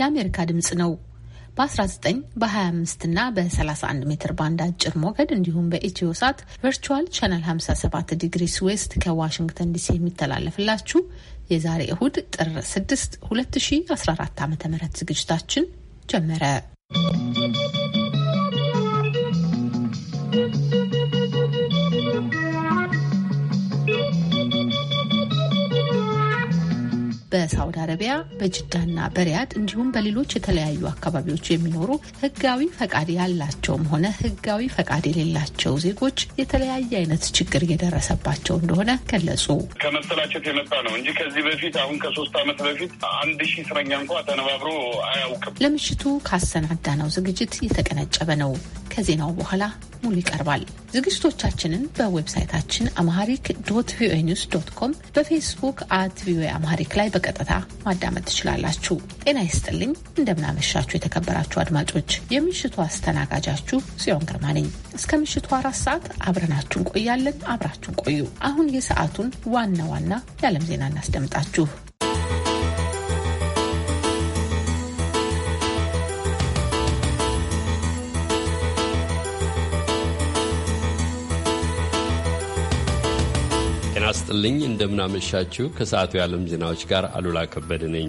የአሜሪካ ድምፅ ነው። በ19 በ25 እና በ31 ሜትር ባንድ አጭር ሞገድ እንዲሁም በኢትዮ ሳት ቨርቹዋል ቻናል 57 ዲግሪስ ዌስት ከዋሽንግተን ዲሲ የሚተላለፍላችሁ የዛሬ እሁድ ጥር 6 2014 ዓ ም ዝግጅታችን ጀመረ። በሳውዲ አረቢያ በጅዳና በሪያድ እንዲሁም በሌሎች የተለያዩ አካባቢዎች የሚኖሩ ህጋዊ ፈቃድ ያላቸውም ሆነ ህጋዊ ፈቃድ የሌላቸው ዜጎች የተለያየ አይነት ችግር እየደረሰባቸው እንደሆነ ገለጹ። ከመሰላቸት የመጣ ነው እንጂ ከዚህ በፊት አሁን ከሶስት ዓመት በፊት አንድ ሺህ እስረኛ እንኳ ተነባብሮ አያውቅም። ለምሽቱ ካሰናዳነው ዝግጅት የተቀነጨበ ነው። ከዜናው በኋላ ሙሉ ይቀርባል። ዝግጅቶቻችንን በዌብሳይታችን አማሪክ ዶት ቪኦኤ ኒውስ ዶት ኮም በፌስቡክ አት ቪኦኤ አማሪክ ላይ በቀ በቀጥታ ማዳመጥ ትችላላችሁ። ጤና ይስጥልኝ፣ እንደምናመሻችሁ የተከበራችሁ አድማጮች፣ የምሽቱ አስተናጋጃችሁ ጽዮን ግርማ ነኝ። እስከ ምሽቱ አራት ሰዓት አብረናችሁ እንቆያለን። አብራችሁን ቆዩ። አሁን የሰዓቱን ዋና ዋና የዓለም ዜና እናስደምጣችሁ። ስጥልኝ። እንደምናመሻችሁ። ከሰዓቱ የዓለም ዜናዎች ጋር አሉላ ከበደ ነኝ።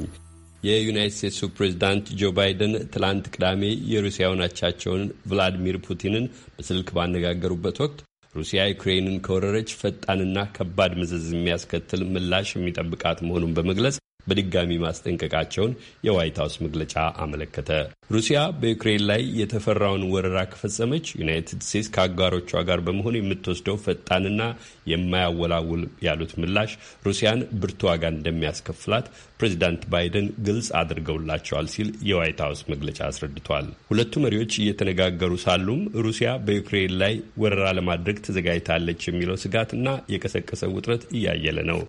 የዩናይት ስቴትሱ ፕሬዚዳንት ጆ ባይደን ትላንት ቅዳሜ የሩሲያውን አቻቸውን ቭላዲሚር ፑቲንን በስልክ ባነጋገሩበት ወቅት ሩሲያ ዩክሬንን ከወረረች ፈጣንና ከባድ ምዝዝ የሚያስከትል ምላሽ የሚጠብቃት መሆኑን በመግለጽ በድጋሚ ማስጠንቀቃቸውን የዋይት ሀውስ መግለጫ አመለከተ። ሩሲያ በዩክሬን ላይ የተፈራውን ወረራ ከፈጸመች ዩናይትድ ስቴትስ ከአጋሮቿ ጋር በመሆን የምትወስደው ፈጣንና የማያወላውል ያሉት ምላሽ ሩሲያን ብርቱ ዋጋ እንደሚያስከፍላት ፕሬዚዳንት ባይደን ግልጽ አድርገውላቸዋል ሲል የዋይት ሀውስ መግለጫ አስረድቷል። ሁለቱ መሪዎች እየተነጋገሩ ሳሉም ሩሲያ በዩክሬን ላይ ወረራ ለማድረግ ተዘጋጅታለች የሚለው ስጋትና የቀሰቀሰው ውጥረት እያየለ ነው።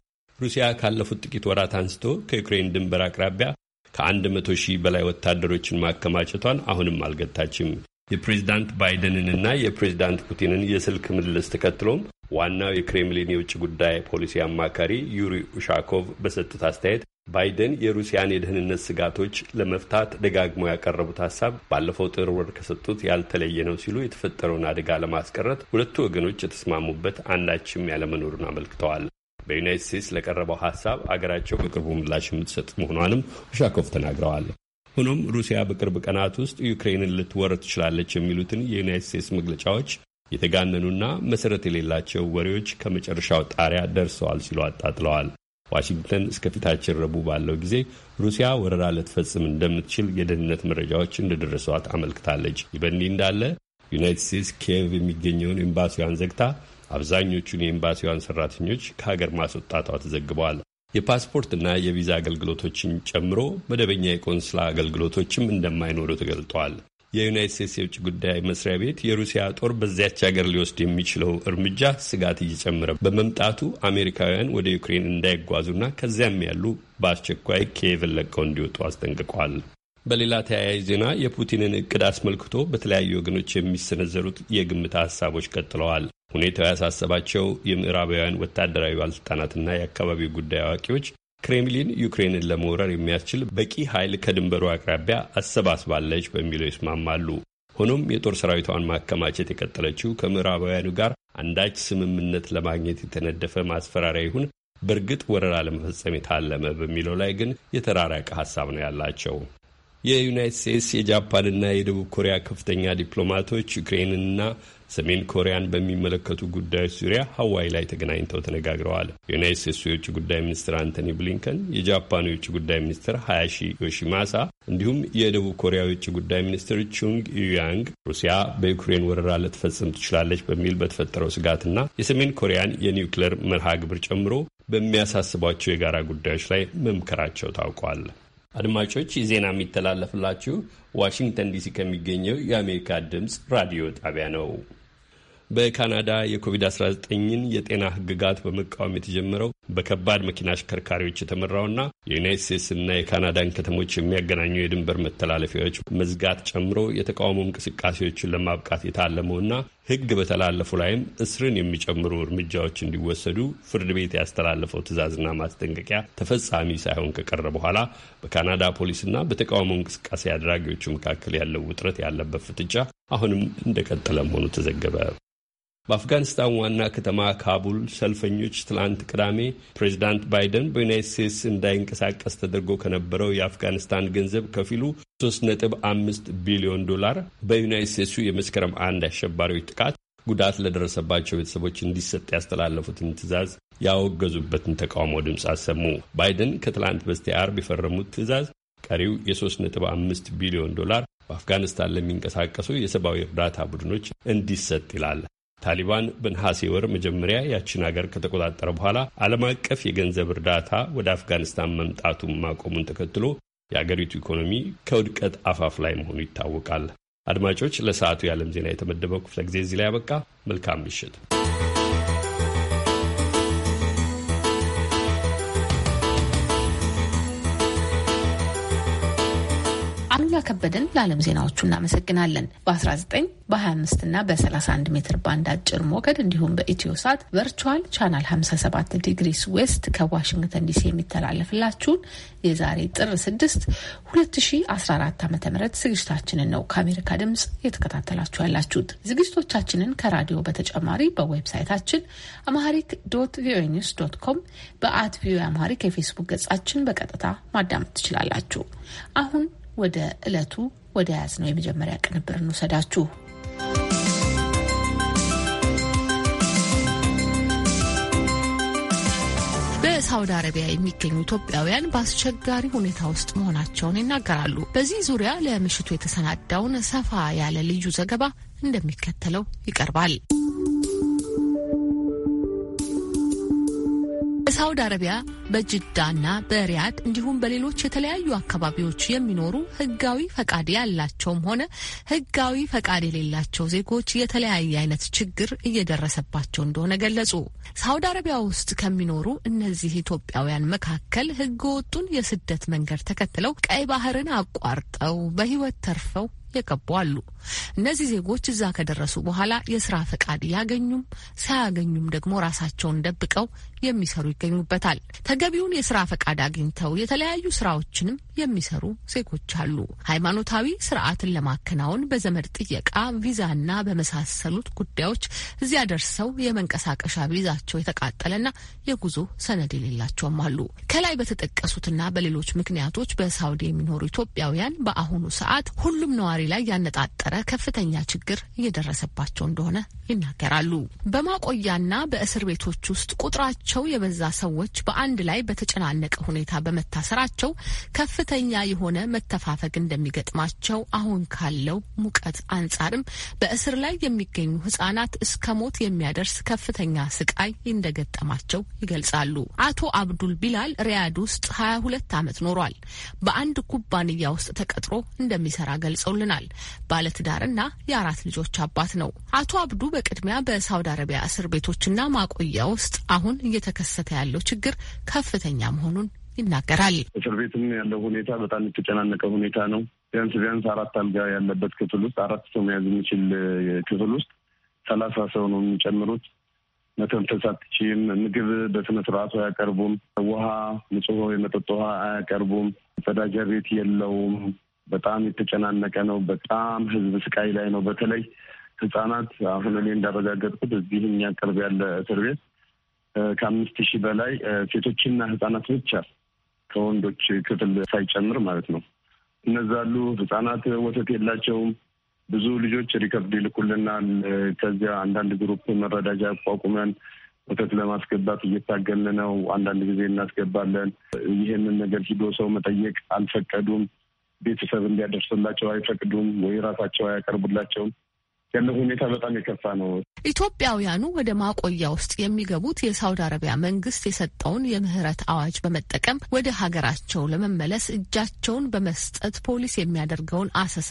ሩሲያ ካለፉት ጥቂት ወራት አንስቶ ከዩክሬን ድንበር አቅራቢያ ከአንድ መቶ ሺህ በላይ ወታደሮችን ማከማቸቷን አሁንም አልገታችም። የፕሬዝዳንት ባይደንንና የፕሬዝዳንት ፑቲንን የስልክ ምልልስ ተከትሎም ዋናው የክሬምሊን የውጭ ጉዳይ ፖሊሲ አማካሪ ዩሪ ኡሻኮቭ በሰጡት አስተያየት ባይደን የሩሲያን የደህንነት ስጋቶች ለመፍታት ደጋግሞ ያቀረቡት ሀሳብ ባለፈው ጥር ወር ከሰጡት ያልተለየ ነው ሲሉ የተፈጠረውን አደጋ ለማስቀረት ሁለቱ ወገኖች የተስማሙበት አንዳችም ያለመኖሩን አመልክተዋል። በዩናይት ስቴትስ ለቀረበው ሀሳብ አገራቸው በቅርቡ ምላሽ የምትሰጥ መሆኗንም ኡሻኮቭ ተናግረዋል። ሆኖም ሩሲያ በቅርብ ቀናት ውስጥ ዩክሬንን ልትወር ትችላለች የሚሉትን የዩናይት ስቴትስ መግለጫዎች የተጋነኑና መሰረት የሌላቸው ወሬዎች ከመጨረሻው ጣሪያ ደርሰዋል ሲሉ አጣጥለዋል። ዋሽንግተን እስከ ፊታችን ረቡዕ ባለው ጊዜ ሩሲያ ወረራ ልትፈጽም እንደምትችል የደህንነት መረጃዎች እንደደረሰዋት አመልክታለች። ይህ በእንዲህ እንዳለ ዩናይትድ ስቴትስ ኪየቭ የሚገኘውን ኤምባሲዋን ዘግታ አብዛኞቹን የኤምባሲዋን ሰራተኞች ከሀገር ማስወጣቷ ተዘግበዋል። የፓስፖርትና የቪዛ አገልግሎቶችን ጨምሮ መደበኛ የቆንስላ አገልግሎቶችም እንደማይኖሩ ተገልጧል። የዩናይት ስቴትስ የውጭ ጉዳይ መስሪያ ቤት የሩሲያ ጦር በዚያች ሀገር ሊወስድ የሚችለው እርምጃ ስጋት እየጨመረ በመምጣቱ አሜሪካውያን ወደ ዩክሬን እንዳይጓዙና ከዚያም ያሉ በአስቸኳይ ኪየቭን ለቀው እንዲወጡ አስጠንቅቋል። በሌላ ተያያዥ ዜና የፑቲንን እቅድ አስመልክቶ በተለያዩ ወገኖች የሚሰነዘሩት የግምት ሀሳቦች ቀጥለዋል። ሁኔታው ያሳሰባቸው የምዕራባውያን ወታደራዊ ባለስልጣናትና የአካባቢው ጉዳይ አዋቂዎች ክሬምሊን ዩክሬንን ለመውረር የሚያስችል በቂ ኃይል ከድንበሩ አቅራቢያ አሰባስባለች በሚለው ይስማማሉ። ሆኖም የጦር ሰራዊቷን ማከማቸት የቀጠለችው ከምዕራባውያኑ ጋር አንዳች ስምምነት ለማግኘት የተነደፈ ማስፈራሪያ ይሁን በእርግጥ ወረራ ለመፈጸም የታለመ በሚለው ላይ ግን የተራራቀ ሀሳብ ነው ያላቸው። የዩናይት ስቴትስ የጃፓንና የደቡብ ኮሪያ ከፍተኛ ዲፕሎማቶች ዩክሬንንና ሰሜን ኮሪያን በሚመለከቱ ጉዳዮች ዙሪያ ሀዋይ ላይ ተገናኝተው ተነጋግረዋል። የዩናይት ስቴትሱ የውጭ ጉዳይ ሚኒስትር አንቶኒ ብሊንከን፣ የጃፓኑ የውጭ ጉዳይ ሚኒስትር ሀያሺ ዮሺማሳ እንዲሁም የደቡብ ኮሪያ የውጭ ጉዳይ ሚኒስትር ቹንግ ዩያንግ ሩሲያ በዩክሬን ወረራ ልትፈጽም ትችላለች በሚል በተፈጠረው ስጋትና የሰሜን ኮሪያን የኒውክሌር መርሃ ግብር ጨምሮ በሚያሳስቧቸው የጋራ ጉዳዮች ላይ መምከራቸው ታውቋል። አድማጮች ዜና የሚተላለፍላችሁ ዋሽንግተን ዲሲ ከሚገኘው የአሜሪካ ድምፅ ራዲዮ ጣቢያ ነው። በካናዳ የኮቪድ-19ን የጤና ሕግጋት በመቃወም የተጀመረው በከባድ መኪና አሽከርካሪዎች የተመራውና የዩናይት ስቴትስና የካናዳን ከተሞች የሚያገናኙ የድንበር መተላለፊያዎች መዝጋት ጨምሮ የተቃውሞ እንቅስቃሴዎችን ለማብቃት የታለመውና ሕግ በተላለፉ ላይም እስርን የሚጨምሩ እርምጃዎች እንዲወሰዱ ፍርድ ቤት ያስተላለፈው ትዕዛዝና ማስጠንቀቂያ ተፈጻሚ ሳይሆን ከቀረ በኋላ በካናዳ ፖሊስና በተቃውሞ እንቅስቃሴ አድራጊዎቹ መካከል ያለው ውጥረት ያለበት ፍጥጫ አሁንም እንደቀጠለ መሆኑ ተዘገበ። በአፍጋኒስታን ዋና ከተማ ካቡል ሰልፈኞች ትላንት ቅዳሜ ፕሬዚዳንት ባይደን በዩናይት ስቴትስ እንዳይንቀሳቀስ ተደርጎ ከነበረው የአፍጋኒስታን ገንዘብ ከፊሉ 3.5 ቢሊዮን ዶላር በዩናይት ስቴትሱ የመስከረም አንድ አሸባሪዎች ጥቃት ጉዳት ለደረሰባቸው ቤተሰቦች እንዲሰጥ ያስተላለፉትን ትዕዛዝ ያወገዙበትን ተቃውሞ ድምፅ አሰሙ። ባይደን ከትላንት በስቲያ አርብ የፈረሙት ትዕዛዝ ቀሪው የ3.5 ቢሊዮን ዶላር በአፍጋኒስታን ለሚንቀሳቀሱ የሰብአዊ እርዳታ ቡድኖች እንዲሰጥ ይላል። ታሊባን በነሐሴ ወር መጀመሪያ ያችን ሀገር ከተቆጣጠረ በኋላ ዓለም አቀፍ የገንዘብ እርዳታ ወደ አፍጋኒስታን መምጣቱን ማቆሙን ተከትሎ የአገሪቱ ኢኮኖሚ ከውድቀት አፋፍ ላይ መሆኑ ይታወቃል። አድማጮች፣ ለሰዓቱ የዓለም ዜና የተመደበው ክፍለ ጊዜ እዚህ ላይ ያበቃ። መልካም ምሽት። ከበደን ለዓለም ዜናዎቹ እናመሰግናለን። በ19 በ25 እና በ31 ሜትር ባንድ አጭር ሞገድ እንዲሁም በኢትዮ ሳት ቨርቹዋል ቻናል 57 ዲግሪስ ዌስት ከዋሽንግተን ዲሲ የሚተላለፍላችሁን የዛሬ ጥር 6 2014 ዓ ም ዝግጅታችንን ነው ከአሜሪካ ድምፅ እየተከታተላችሁ ያላችሁት። ዝግጅቶቻችንን ከራዲዮ በተጨማሪ በዌብሳይታችን አማሪክ ዶት ቪኦኤ ኒውስ ዶት ኮም በአት ቪኦኤ አማሪክ የፌስቡክ ገጻችን በቀጥታ ማዳመጥ ትችላላችሁ። አሁን ወደ ዕለቱ ወደ ያዝ ነው የመጀመሪያ ቅንብር እንውሰዳችሁ። በሳውዲ አረቢያ የሚገኙ ኢትዮጵያውያን በአስቸጋሪ ሁኔታ ውስጥ መሆናቸውን ይናገራሉ። በዚህ ዙሪያ ለምሽቱ የተሰናዳውን ሰፋ ያለ ልዩ ዘገባ እንደሚከተለው ይቀርባል። በሳውዲ አረቢያ በጅዳና በሪያድ እንዲሁም በሌሎች የተለያዩ አካባቢዎች የሚኖሩ ህጋዊ ፈቃድ ያላቸውም ሆነ ህጋዊ ፈቃድ የሌላቸው ዜጎች የተለያየ አይነት ችግር እየደረሰባቸው እንደሆነ ገለጹ። ሳውዲ አረቢያ ውስጥ ከሚኖሩ እነዚህ ኢትዮጵያውያን መካከል ህገወጡን የስደት መንገድ ተከትለው ቀይ ባህርን አቋርጠው በህይወት ተርፈው የገቡ አሉ። እነዚህ ዜጎች እዛ ከደረሱ በኋላ የስራ ፈቃድ ያገኙም ሳያገኙም ደግሞ ራሳቸውን ደብቀው የሚሰሩ ይገኙበታል። ተገቢውን የስራ ፈቃድ አግኝተው የተለያዩ ስራዎችንም የሚሰሩ ዜጎች አሉ። ሃይማኖታዊ ስርዓትን ለማከናወን በዘመድ ጥየቃ ቪዛና በመሳሰሉት ጉዳዮች እዚያ ደርሰው የመንቀሳቀሻ ቪዛቸው የተቃጠለና የጉዞ ሰነድ የሌላቸውም አሉ። ከላይ በተጠቀሱትና በሌሎች ምክንያቶች በሳውዲ የሚኖሩ ኢትዮጵያውያን በአሁኑ ሰዓት ሁሉም ነዋሪ ነዋሪ ላይ ያነጣጠረ ከፍተኛ ችግር እየደረሰባቸው እንደሆነ ይናገራሉ። በማቆያና በእስር ቤቶች ውስጥ ቁጥራቸው የበዛ ሰዎች በአንድ ላይ በተጨናነቀ ሁኔታ በመታሰራቸው ከፍተኛ የሆነ መተፋፈግ እንደሚገጥማቸው አሁን ካለው ሙቀት አንጻርም በእስር ላይ የሚገኙ ህጻናት እስከ ሞት የሚያደርስ ከፍተኛ ስቃይ እንደገጠማቸው ይገልጻሉ። አቶ አብዱል ቢላል ሪያድ ውስጥ ሀያ ሁለት ዓመት ኖሯል። በአንድ ኩባንያ ውስጥ ተቀጥሮ እንደሚሰራ ገልጸውልናል። ብሎናል። ባለትዳርና የአራት ልጆች አባት ነው። አቶ አብዱ በቅድሚያ በሳውዲ አረቢያ እስር ቤቶችና ማቆያ ውስጥ አሁን እየተከሰተ ያለው ችግር ከፍተኛ መሆኑን ይናገራል። እስር ቤትም ያለው ሁኔታ በጣም የተጨናነቀ ሁኔታ ነው። ቢያንስ ቢያንስ አራት አልጋ ያለበት ክፍል ውስጥ አራት ሰው መያዝ የሚችል ክፍል ውስጥ ሰላሳ ሰው ነው የሚጨምሩት። መተንፈስ አትችይም። ምግብ በስነ ስርዓቱ አያቀርቡም። ውሃ፣ ንጹህ የመጠጥ ውሃ አያቀርቡም። መጸዳጃ ቤት የለውም። በጣም የተጨናነቀ ነው። በጣም ህዝብ ስቃይ ላይ ነው። በተለይ ህጻናት አሁን እኔ እንዳረጋገጥኩት እዚህ እኛ ቅርብ ያለ እስር ቤት ከአምስት ሺህ በላይ ሴቶችና ህጻናት ብቻ ከወንዶች ክፍል ሳይጨምር ማለት ነው። እነዛሉ ህጻናት ወተት የላቸውም። ብዙ ልጆች ሪከርድ ይልኩልናል። ከዚያ አንዳንድ ግሩፕ መረዳጃ አቋቁመን ወተት ለማስገባት እየታገልን ነው። አንዳንድ ጊዜ እናስገባለን። ይህንን ነገር ሂዶ ሰው መጠየቅ አልፈቀዱም። ቤተሰብ እንዲያደርስላቸው አይፈቅዱም ወይ ራሳቸው አያቀርቡላቸውም። ያለው ሁኔታ በጣም የከፋ ነው። ኢትዮጵያውያኑ ወደ ማቆያ ውስጥ የሚገቡት የሳውዲ አረቢያ መንግስት የሰጠውን የምህረት አዋጅ በመጠቀም ወደ ሀገራቸው ለመመለስ እጃቸውን በመስጠት ፖሊስ የሚያደርገውን አሰሳ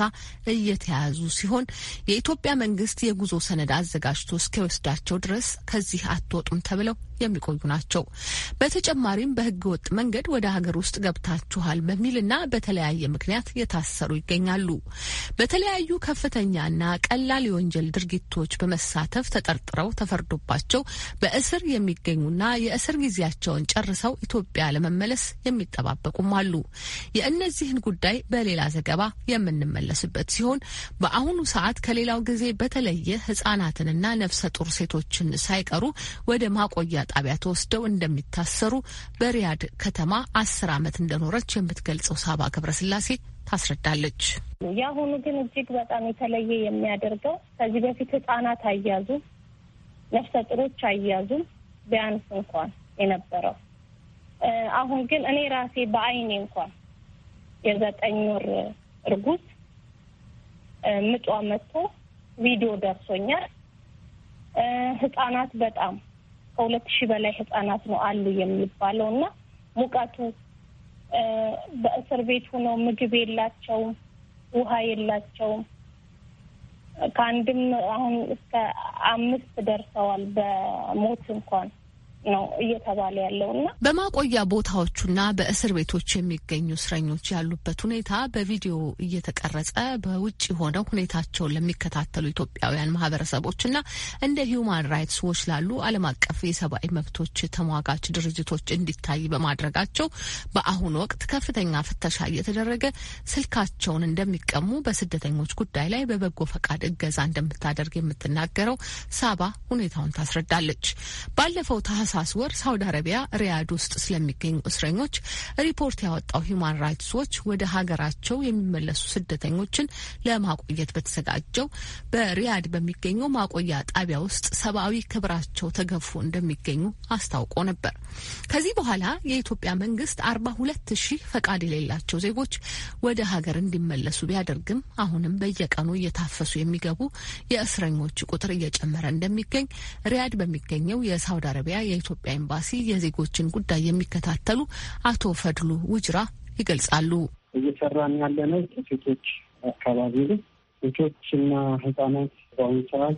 እየተያዙ ሲሆን የኢትዮጵያ መንግስት የጉዞ ሰነድ አዘጋጅቶ እስኪወስዳቸው ድረስ ከዚህ አትወጡም ተብለው የሚቆዩ ናቸው። በተጨማሪም በህገ ወጥ መንገድ ወደ ሀገር ውስጥ ገብታችኋል በሚልና በተለያየ ምክንያት የታሰሩ ይገኛሉ። በተለያዩ ከፍተኛና ቀላል የወንጀል ድርጊቶች በመሳተፍ ተጠርጥረው ተፈርዶባቸው በእስር የሚገኙና የእስር ጊዜያቸውን ጨርሰው ኢትዮጵያ ለመመለስ የሚጠባበቁም አሉ። የእነዚህን ጉዳይ በሌላ ዘገባ የምንመለስበት ሲሆን በአሁኑ ሰዓት ከሌላው ጊዜ በተለየ ህጻናትንና ነፍሰ ጡር ሴቶችን ሳይቀሩ ወደ ማቆያ ጣቢያ ተወስደው እንደሚታሰሩ በሪያድ ከተማ አስር ዓመት እንደኖረች የምትገልጸው ሳባ ገብረስላሴ ታስረዳለች። የአሁኑ ግን እጅግ በጣም የተለየ የሚያደርገው ከዚህ በፊት ህጻናት አያዙም፣ ነፍሰ ጥሮች አያዙም ቢያንስ እንኳን የነበረው አሁን ግን እኔ ራሴ በአይኔ እንኳን የዘጠኝ ወር እርጉዝ ምጧ መጥቶ ቪዲዮ ደርሶኛል። ህጻናት በጣም ከሁለት ሺህ በላይ ህጻናት ነው አሉ የሚባለው እና ሙቀቱ በእስር ቤት ሆነው ምግብ የላቸውም፣ ውሃ የላቸውም። ከአንድም አሁን እስከ አምስት ደርሰዋል በሞት እንኳን ነው እየተባለ ያለው እና በማቆያ ቦታዎቹና በእስር ቤቶች የሚገኙ እስረኞች ያሉበት ሁኔታ በቪዲዮ እየተቀረጸ በውጭ ሆነው ሁኔታቸውን ለሚከታተሉ ኢትዮጵያውያን ማህበረሰቦችና እንደ ሂውማን ራይትስ ዎች ላሉ ዓለም አቀፍ የሰብአዊ መብቶች ተሟጋች ድርጅቶች እንዲታይ በማድረጋቸው በአሁኑ ወቅት ከፍተኛ ፍተሻ እየተደረገ ስልካቸውን እንደሚቀሙ በስደተኞች ጉዳይ ላይ በበጎ ፈቃድ እገዛ እንደምታደርግ የምትናገረው ሳባ ሁኔታውን ታስረዳለች። ባለፈው ታ ታህሳስ ወር ሳውዲ አረቢያ ሪያድ ውስጥ ስለሚገኙ እስረኞች ሪፖርት ያወጣው ሂዩማን ራይትስ ዎች ወደ ሀገራቸው የሚመለሱ ስደተኞችን ለማቆየት በተዘጋጀው በሪያድ በሚገኘው ማቆያ ጣቢያ ውስጥ ሰብአዊ ክብራቸው ተገፎ እንደሚገኙ አስታውቆ ነበር። ከዚህ በኋላ የኢትዮጵያ መንግስት አርባ ሁለት ሺህ ፈቃድ የሌላቸው ዜጎች ወደ ሀገር እንዲመለሱ ቢያደርግም አሁንም በየቀኑ እየታፈሱ የሚገቡ የእስረኞች ቁጥር እየጨመረ እንደሚገኝ ሪያድ በሚገኘው የሳውዲ አረቢያ የኢትዮጵያ ኤምባሲ የዜጎችን ጉዳይ የሚከታተሉ አቶ ፈድሉ ውጅራ ይገልጻሉ። እየሰራን ነው ሴቶች አካባቢ ነው። ሴቶችና ህጻናት በአሁኑ ሰዓት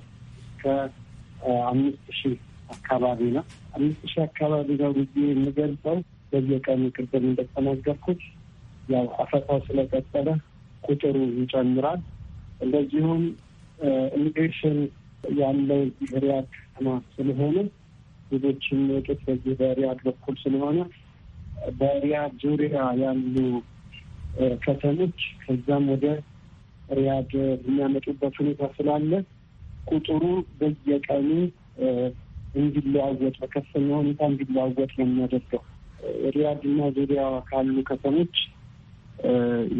ከአምስት ሺህ አካባቢ ነው። አምስት ሺህ አካባቢ ነው ብዬ የምገልጸው በየቀኑ ቅድም እንደተናገርኩት ያው አፈሳው ስለቀጠለ ቁጥሩ ይጨምራል። እንደዚሁም ኢሚግሬሽን ያለው ብሄርያ ከተማ ስለሆነ ሌሎች የሚወጡት በዚህ በሪያድ በኩል ስለሆነ በሪያድ ዙሪያ ያሉ ከተሞች ከዛም ወደ ሪያድ የሚያመጡበት ሁኔታ ስላለ ቁጥሩ በየቀኑ እንዲለዋወጥ በከፍተኛ ሁኔታ እንዲለዋወጥ ነው የሚያደርገው። ሪያድ እና ዙሪያ ካሉ ከተሞች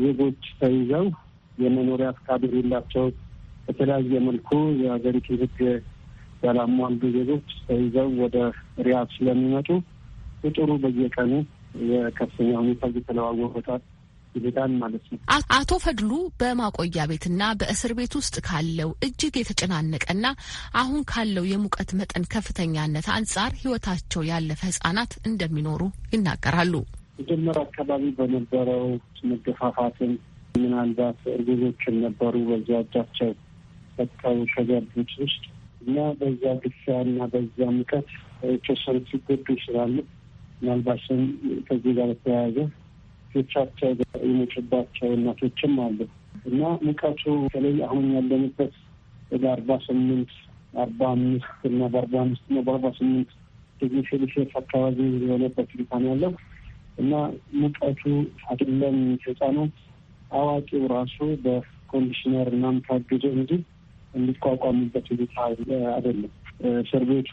ዜጎች ተይዘው የመኖሪያ ፍቃድ የሌላቸው በተለያየ መልኩ የሀገሪቱ ሕግ ያላሟሉ ዜጎች ተይዘው ወደ ሪያድ ስለሚመጡ ቁጥሩ በየቀኑ የከፍተኛ ሁኔታ እየተለዋወጣል ይሄዳል ማለት ነው። አቶ ፈድሉ በማቆያ ቤትና በእስር ቤት ውስጥ ካለው እጅግ የተጨናነቀና አሁን ካለው የሙቀት መጠን ከፍተኛነት አንጻር ህይወታቸው ያለፈ ህጻናት እንደሚኖሩ ይናገራሉ። መጀመሪያ አካባቢ በነበረው መገፋፋትን ምናልባት እርጉዞችን ነበሩ በዚያ እጃቸው ሰጥተው ከገቡት ውስጥ እና በዛ ግሳ እና በዛ ሙቀት የተወሰኑ ሲጎዱ ይችላሉ። ምናልባትም ከዚህ ጋር በተያያዘ ቶቻቸው የሞችባቸው እናቶችም አሉ እና ሙቀቱ በተለይ አሁን ያለንበት ወደ አርባ ስምንት አርባ አምስት እና በአርባ አምስት እና በአርባ ስምንት ዲግሪ ሴልሺየስ አካባቢ የሆነበት ሁኔታ ነው ያለው እና ሙቀቱ አይደለም ህፃናት አዋቂው ራሱ በኮንዲሽነር እናም ታግዞ እንጂ የሚቋቋሙበት ሁኔታ አይደለም። እስር ቤቱ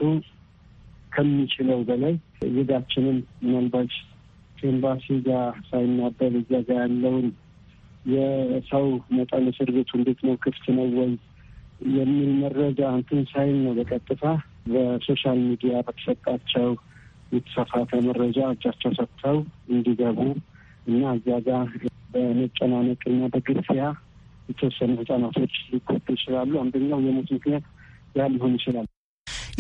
ከሚችለው በላይ ዜጋችንን ምናልባት ኤምባሲ ጋር ሳይናበብ እዚያ ጋር ያለውን የሰው መጠን እስር ቤቱ እንዴት ነው ክፍት ነው ወይ የሚል መረጃ እንትን ሳይል ነው በቀጥታ በሶሻል ሚዲያ በተሰጣቸው የተሳሳተ መረጃ እጃቸው ሰጥተው እንዲገቡ እና እዚያ ጋር በመጨናነቅ እና በግፊያ የተወሰኑ ህጻናቶች ሊጎዱ ይችላሉ። አንደኛው የሞት ምክንያት ያ ሊሆን ይችላል።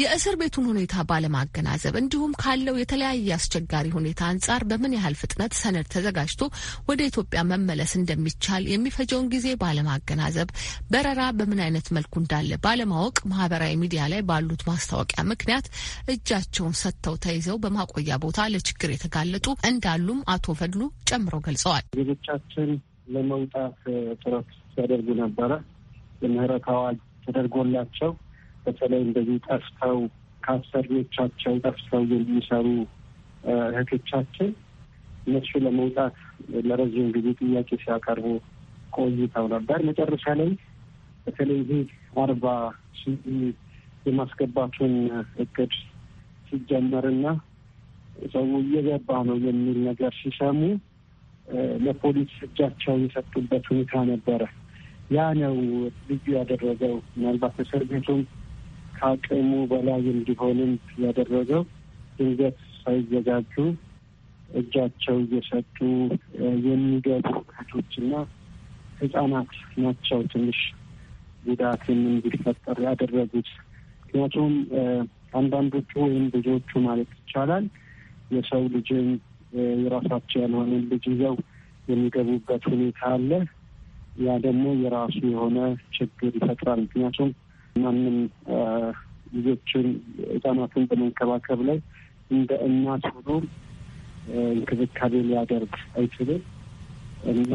የእስር ቤቱን ሁኔታ ባለማገናዘብ እንዲሁም ካለው የተለያየ አስቸጋሪ ሁኔታ አንጻር በምን ያህል ፍጥነት ሰነድ ተዘጋጅቶ ወደ ኢትዮጵያ መመለስ እንደሚቻል የሚፈጀውን ጊዜ ባለማገናዘብ፣ በረራ በምን አይነት መልኩ እንዳለ ባለማወቅ ማህበራዊ ሚዲያ ላይ ባሉት ማስታወቂያ ምክንያት እጃቸውን ሰጥተው ተይዘው በማቆያ ቦታ ለችግር የተጋለጡ እንዳሉም አቶ ፈድሉ ጨምረው ገልጸዋል። ዜጎቻችን ለመውጣት ጥረት ሲያደርጉ ነበረ። የምህረት አዋጅ ተደርጎላቸው በተለይ እንደዚህ ጠፍተው ከአሰሪዎቻቸው ጠፍተው የሚሰሩ እህቶቻችን እነሱ ለመውጣት ለረዥም ጊዜ ጥያቄ ሲያቀርቡ ቆይተው ነበር። መጨረሻ ላይ በተለይ ይህ አርባ የማስገባቱን እቅድ ሲጀመርና ሰው እየገባ ነው የሚል ነገር ሲሰሙ ለፖሊስ እጃቸውን የሰጡበት ሁኔታ ነበረ። ያ ነው ልዩ ያደረገው። ምናልባት እስር ቤቱም ከአቅሙ በላይ እንዲሆንም ያደረገው ድንገት ሳይዘጋጁ እጃቸው እየሰጡ የሚገቡ እህቶችና ህጻናት ናቸው ትንሽ ጉዳት እንዲፈጠር ያደረጉት። ምክንያቱም አንዳንዶቹ ወይም ብዙዎቹ ማለት ይቻላል የሰው ልጅን የራሳቸው ያልሆነ ልጅ ይዘው የሚገቡበት ሁኔታ አለ። ያ ደግሞ የራሱ የሆነ ችግር ይፈጥራል። ምክንያቱም ማንም ልጆችን ህጻናትን በመንከባከብ ላይ እንደ እናት ሆኖ እንክብካቤ ሊያደርግ አይችልም እና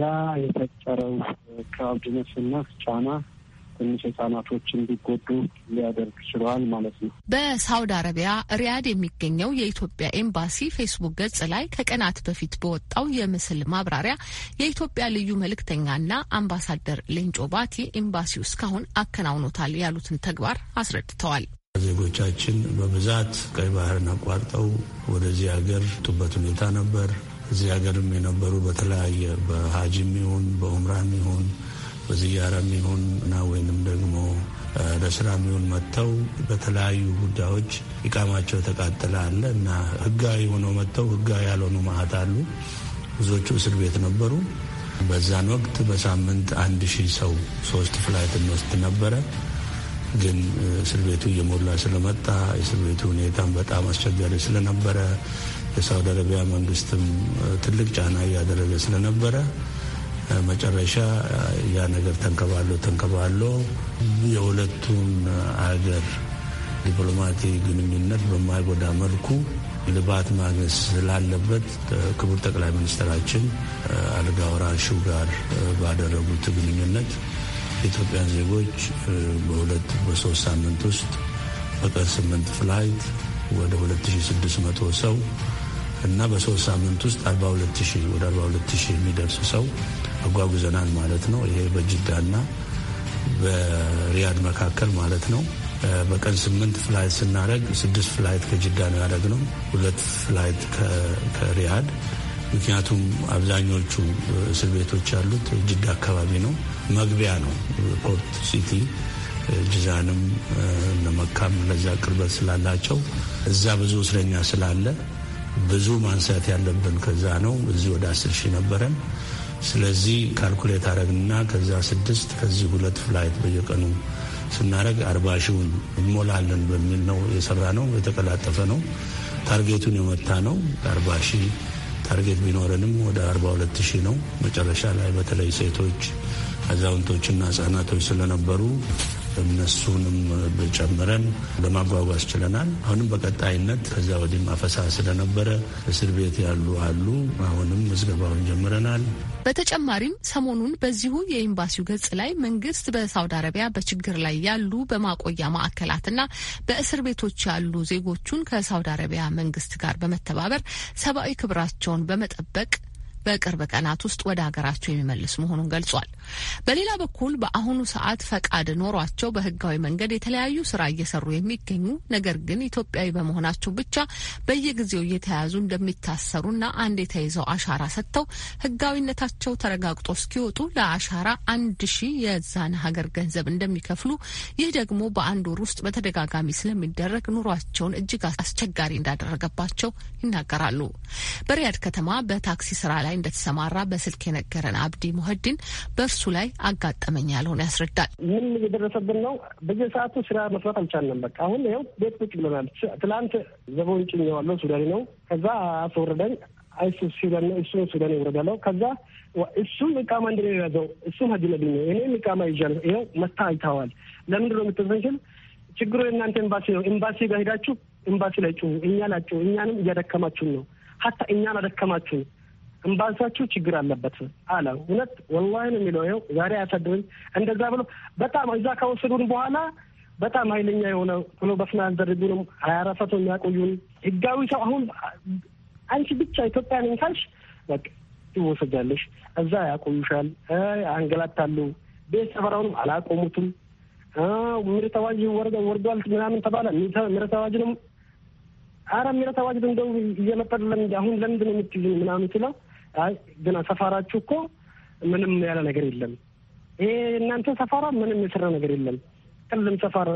ያ የፈጠረው ክራውድነስ እና ጫና ትንሽ ህጻናቶች እንዲጎዱ ሊያደርግ ችለዋል ማለት ነው። በሳውዲ አረቢያ ሪያድ የሚገኘው የኢትዮጵያ ኤምባሲ ፌስቡክ ገጽ ላይ ከቀናት በፊት በወጣው የምስል ማብራሪያ የኢትዮጵያ ልዩ መልእክተኛና አምባሳደር ሌንጮ ባቲ ኤምባሲው እስካሁን አከናውኖታል ያሉትን ተግባር አስረድተዋል። ዜጎቻችን በብዛት ቀይ ባህርን አቋርጠው ወደዚህ ሀገር ጡበት ሁኔታ ነበር። እዚህ ሀገርም የነበሩ በተለያየ በሀጅም ይሁን በኡምራም ይሁን በዚያራ የሚሆን እና ወይንም ደግሞ ለስራ የሚሆን መጥተው በተለያዩ ጉዳዮች ኢቃማቸው ተቃጠለ አለ እና ህጋዊ ሆነው መጥተው ህጋዊ ያልሆኑ ማዕት አሉ። ብዙዎቹ እስር ቤት ነበሩ። በዛን ወቅት በሳምንት አንድ ሺህ ሰው ሶስት ፍላይት እንወስድ ነበረ። ግን እስር ቤቱ እየሞላ ስለመጣ እስር ቤቱ ሁኔታን በጣም አስቸጋሪ ስለነበረ የሳውዲ አረቢያ መንግስትም ትልቅ ጫና እያደረገ ስለነበረ መጨረሻ ያ ነገር ተንከባሎ ተንከባሎ የሁለቱን አገር ዲፕሎማቲክ ግንኙነት በማይጎዳ መልኩ ልባት ማግኘት ስላለበት ክቡር ጠቅላይ ሚኒስትራችን አልጋ ወራሹ ጋር ባደረጉት ግንኙነት ኢትዮጵያን ዜጎች በሁለት በሶስት ሳምንት ውስጥ በቀን ስምንት ፍላይት ወደ 2600 ሰው እና በሶስት ሳምንት ውስጥ 42 ወደ 42 የሚደርስ ሰው አጓጉዘናል ማለት ነው። ይሄ በጅዳና በሪያድ መካከል ማለት ነው። በቀን ስምንት ፍላይት ስናደረግ ስድስት ፍላይት ከጅዳ ነው ያደረግነው፣ ሁለት ፍላይት ከሪያድ ምክንያቱም አብዛኞቹ እስር ቤቶች ያሉት ጅዳ አካባቢ ነው። መግቢያ ነው ፖርት ሲቲ ጅዛንም መካም ለዛ ቅርበት ስላላቸው እዛ ብዙ እስረኛ ስላለ ብዙ ማንሳት ያለብን ከዛ ነው። እዚህ ወደ አስር ሺህ ነበረን። ስለዚህ ካልኩሌት አረግና ከዛ ስድስት ከዚህ ሁለት ፍላይት በየቀኑ ስናደረግ አርባ ሺውን እንሞላለን በሚል ነው የሰራ ነው። የተቀላጠፈ ነው። ታርጌቱን የመታ ነው። አርባ ሺህ ታርጌት ቢኖረንም ወደ አርባ ሁለት ሺህ ነው። መጨረሻ ላይ በተለይ ሴቶች፣ አዛውንቶችና ህጻናቶች ስለነበሩ እነሱንም ጨምረን ለማጓጓዝ ችለናል። አሁንም በቀጣይነት ከዚያ ወዲህ አፈሳ ስለነበረ እስር ቤት ያሉ አሉ። አሁንም ምዝገባውን ጀምረናል። በተጨማሪም ሰሞኑን በዚሁ የኤምባሲው ገጽ ላይ መንግስት በሳውዲ አረቢያ በችግር ላይ ያሉ በማቆያ ማዕከላትና በእስር ቤቶች ያሉ ዜጎቹን ከሳውዲ አረቢያ መንግስት ጋር በመተባበር ሰብአዊ ክብራቸውን በመጠበቅ በቅርብ ቀናት ውስጥ ወደ ሀገራቸው የሚመልስ መሆኑን ገልጿል። በሌላ በኩል በአሁኑ ሰዓት ፈቃድ ኖሯቸው በህጋዊ መንገድ የተለያዩ ስራ እየሰሩ የሚገኙ ነገር ግን ኢትዮጵያዊ በመሆናቸው ብቻ በየጊዜው እየተያዙ እንደሚታሰሩና አንድ የተይዘው አሻራ ሰጥተው ህጋዊነታቸው ተረጋግጦ እስኪወጡ ለአሻራ አንድ ሺህ የዛን ሀገር ገንዘብ እንደሚከፍሉ ይህ ደግሞ በአንድ ወር ውስጥ በተደጋጋሚ ስለሚደረግ ኑሯቸውን እጅግ አስቸጋሪ እንዳደረገባቸው ይናገራሉ። በሪያድ ከተማ በታክሲ ስራ ላይ እንደተሰማራ በስልክ የነገረን አብዲ ሙህዲን በእርሱ ላይ አጋጠመኝ ያለውን ያስረዳል። ምን እየደረሰብን ነው? በየሰዓቱ ስራ መስራት አልቻለም። በቃ አሁን ይኸው ቤት ቁጭ ብለናል። ትላንት ዘቦን ጭኘዋለሁ፣ ሱዳኒ ነው። ከዛ አስወረደኝ። አይሱ ሱዳን ነው፣ እሱ ሱዳን ይወረዳለው። ከዛ እሱም እቃማ እንድ የያዘው እሱም ሀጅ ነብኝ ነው። እኔም እቃማ ይዣለሁ። ይኸው መታ አይተዋል። ለምንድን ነው የምትሰንችል? ችግሩ የእናንተ ኤምባሲ ነው። ኤምባሲ ጋር ሄዳችሁ ኤምባሲ ላይ ጩሁ። እኛን አጩሁ። እኛንም እያደከማችሁን ነው። ሀታ እኛን አደከማችሁን እምባልሳችሁ ችግር አለበት አለ። እውነት ወላሂ ነው የሚለው ይኸው ዛሬ አያሳድረኝ እንደዛ ብሎ በጣም እዛ ከወሰዱን በኋላ በጣም ኃይለኛ የሆነ ብሎ በስና ዘርጉንም ሀያ አራት ሰዓት የሚያቆዩን ህጋዊ ሰው አሁን አንቺ ብቻ ኢትዮጵያ ነኝ ካልሽ በቃ ትወሰጃለሽ። እዛ ያቆዩሻል፣ አንገላታሉ። ቤት ሰፈራውንም አላቆሙትም። ምህረት አዋጅ ወርዷል ምናምን ተባለ። ምህረት አዋጅንም አረ ምህረት አዋጅ እንደው እየመጠር አይደለም አሁን ለምንድን ነው የምትይዙን ምናምን ስለው ግን ሰፋራችሁ እኮ ምንም ያለ ነገር የለም፣ ይሄ እናንተ ሰፋራ ምንም የሰራ ነገር የለም። ቅልም ሰፋራ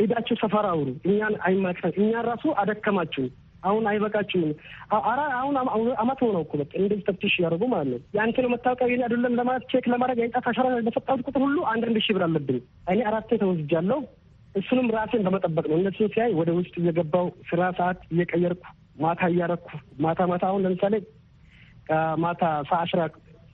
ሄዳችሁ ሰፋራ አውሩ፣ እኛን አይማቅሰን፣ እኛን ራሱ አደከማችሁ፣ አሁን አይበቃችሁም። አራ አሁን አመት ሆነው እኮ በቃ እንደዚህ ተፍትሽ እያደረጉ ማለት ነው። ነው መታወቂያ የኔ አይደለም ለማለት ቼክ ለማድረግ የንጣት አሻራ በሰጣሁት ቁጥር ሁሉ አንዳንድ ሺህ ብር አለብኝ። እኔ አራቴ ተወስጃለሁ። እሱንም ራሴን በመጠበቅ ነው። እነሱ ሲያይ ወደ ውስጥ እየገባው ስራ ሰዓት እየቀየርኩ ማታ እያረኩ ማታ ማታ አሁን ለምሳሌ ከማታ ሰአስራ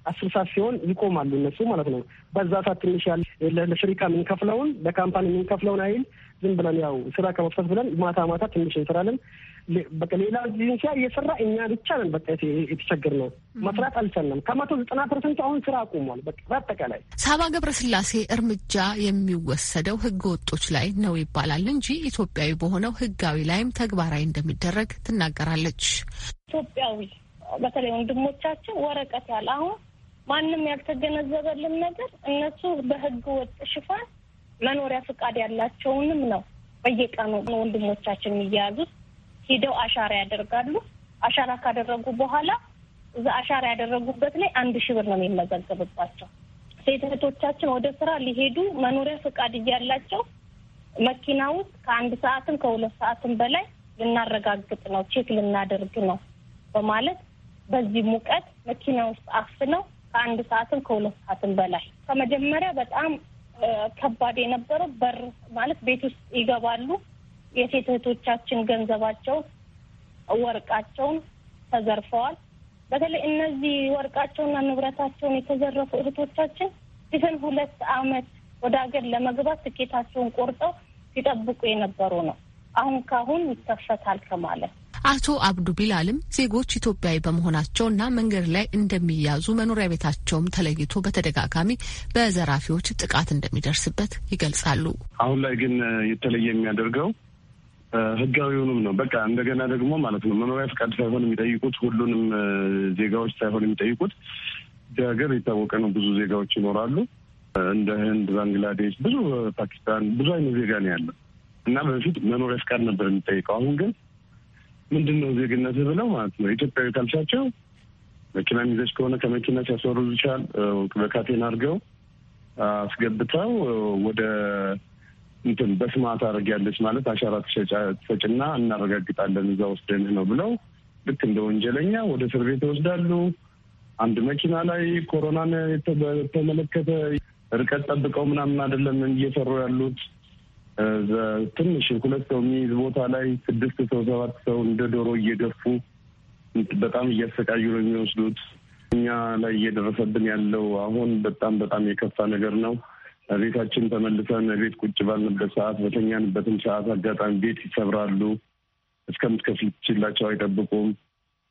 አስር ሰዓት ሲሆን ይቆማሉ እነሱ ማለት ነው። በዛ ሰዓት ትንሽ ያለ ለሽሪካ የምንከፍለውን ለካምፓኒ የምንከፍለውን አይል ዝም ብለን ያው ስራ ከመፍታት ብለን ማታ ማታ ትንሽ እንሰራለን። በቃ ሌላ ዚንሲያ እየሰራ እኛ ብቻ ነን በቃ የተቸገር ነው መስራት አልቻለም። ከመቶ ዘጠና ፐርሰንት አሁን ስራ አቁሟል። በቃ በአጠቃላይ ሳባ ገብረስላሴ እርምጃ የሚወሰደው ህገ ወጦች ላይ ነው ይባላል እንጂ ኢትዮጵያዊ በሆነው ህጋዊ ላይም ተግባራዊ እንደሚደረግ ትናገራለች። ኢትዮጵያዊ በተለይ ወንድሞቻችን ወረቀት ያለ አሁን ማንም ያልተገነዘበልን ነገር እነሱ በህገ ወጥ ሽፋን መኖሪያ ፍቃድ ያላቸውንም ነው በየቀኑ ወንድሞቻችን የሚያያዙት። ሂደው አሻራ ያደርጋሉ። አሻራ ካደረጉ በኋላ እዛ አሻራ ያደረጉበት ላይ አንድ ሺህ ብር ነው የሚመዘገብባቸው። ሴት እህቶቻችን ወደ ስራ ሊሄዱ መኖሪያ ፍቃድ እያላቸው መኪና ውስጥ ከአንድ ሰዓትም ከሁለት ሰዓትም በላይ ልናረጋግጥ ነው ቼክ ልናደርግ ነው በማለት በዚህ ሙቀት መኪና ውስጥ አፍነው ከአንድ ሰዓትም ከሁለት ሰዓትም በላይ ከመጀመሪያ በጣም ከባድ የነበረው በር ማለት ቤት ውስጥ ይገባሉ። የሴት እህቶቻችን ገንዘባቸውን፣ ወርቃቸውን ተዘርፈዋል። በተለይ እነዚህ ወርቃቸውና ንብረታቸውን የተዘረፉ እህቶቻችን ሲፍን ሁለት አመት ወደ ሀገር ለመግባት ትኬታቸውን ቆርጠው ሲጠብቁ የነበሩ ነው። አሁን ካሁን ይከፈታል ከማለት አቶ አብዱ ቢላልም ዜጎች ኢትዮጵያዊ በመሆናቸው እና መንገድ ላይ እንደሚያዙ መኖሪያ ቤታቸውም ተለይቶ በተደጋጋሚ በዘራፊዎች ጥቃት እንደሚደርስበት ይገልጻሉ። አሁን ላይ ግን የተለየ የሚያደርገው ህጋዊውንም ነው። በቃ እንደገና ደግሞ ማለት ነው መኖሪያ ፈቃድ ሳይሆን የሚጠይቁት ሁሉንም ዜጋዎች ሳይሆን የሚጠይቁት ሀገር የታወቀ ነው። ብዙ ዜጋዎች ይኖራሉ። እንደ ህንድ፣ ባንግላዴሽ፣ ብዙ ፓኪስታን፣ ብዙ አይነት ዜጋ ነው ያለው እና በፊት መኖሪያ ፈቃድ ነበር የሚጠይቀው። አሁን ግን ምንድን ነው ዜግነት ብለው ማለት ነው። ኢትዮጵያዊ ካልሻቸው መኪና ይዘሽ ከሆነ ከመኪና ሲያስወሩ ይቻል በካቴን አድርገው አስገብተው ወደ እንትን በስማት ያለች ማለት አሻራ ትሰጭና እናረጋግጣለን እዛ ወስደንህ ነው ብለው ልክ እንደ ወንጀለኛ ወደ እስር ቤት ይወስዳሉ። አንድ መኪና ላይ ኮሮናን በተመለከተ ርቀት ጠብቀው ምናምን አይደለም እየሰሩ ያሉት ትንሽ ሁለት ሰው የሚይዝ ቦታ ላይ ስድስት ሰው ሰባት ሰው እንደ ዶሮ እየገፉ በጣም እያሰቃዩ ነው የሚወስዱት። እኛ ላይ እየደረሰብን ያለው አሁን በጣም በጣም የከፋ ነገር ነው። ቤታችን ተመልሰን ቤት ቁጭ ባልንበት ሰዓት፣ በተኛንበትም ሰዓት አጋጣሚ ቤት ይሰብራሉ። እስከምትከፍልችላቸው አይጠብቁም።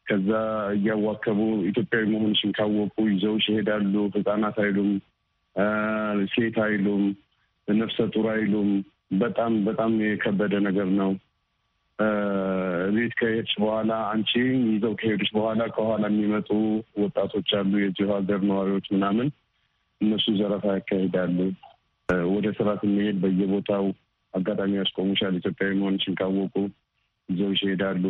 ከዛ እያዋከቡ ኢትዮጵያዊ መሆንሽን ካወቁ ይዘውሽ ይሄዳሉ። ህጻናት አይሉም፣ ሴት አይሉም፣ ነፍሰ ጡር አይሉም። በጣም በጣም የከበደ ነገር ነው። ቤት ከሄድሽ በኋላ አንቺ ይዘው ከሄዱች በኋላ ከኋላ የሚመጡ ወጣቶች አሉ፣ የዚሁ ሀገር ነዋሪዎች ምናምን፣ እነሱ ዘረፋ ያካሄዳሉ። ወደ ስራ ስንሄድ በየቦታው አጋጣሚ ያስቆሙሻል። ኢትዮጵያዊ መሆንሽን ካወቁ ይዘውሽ ይሄዳሉ።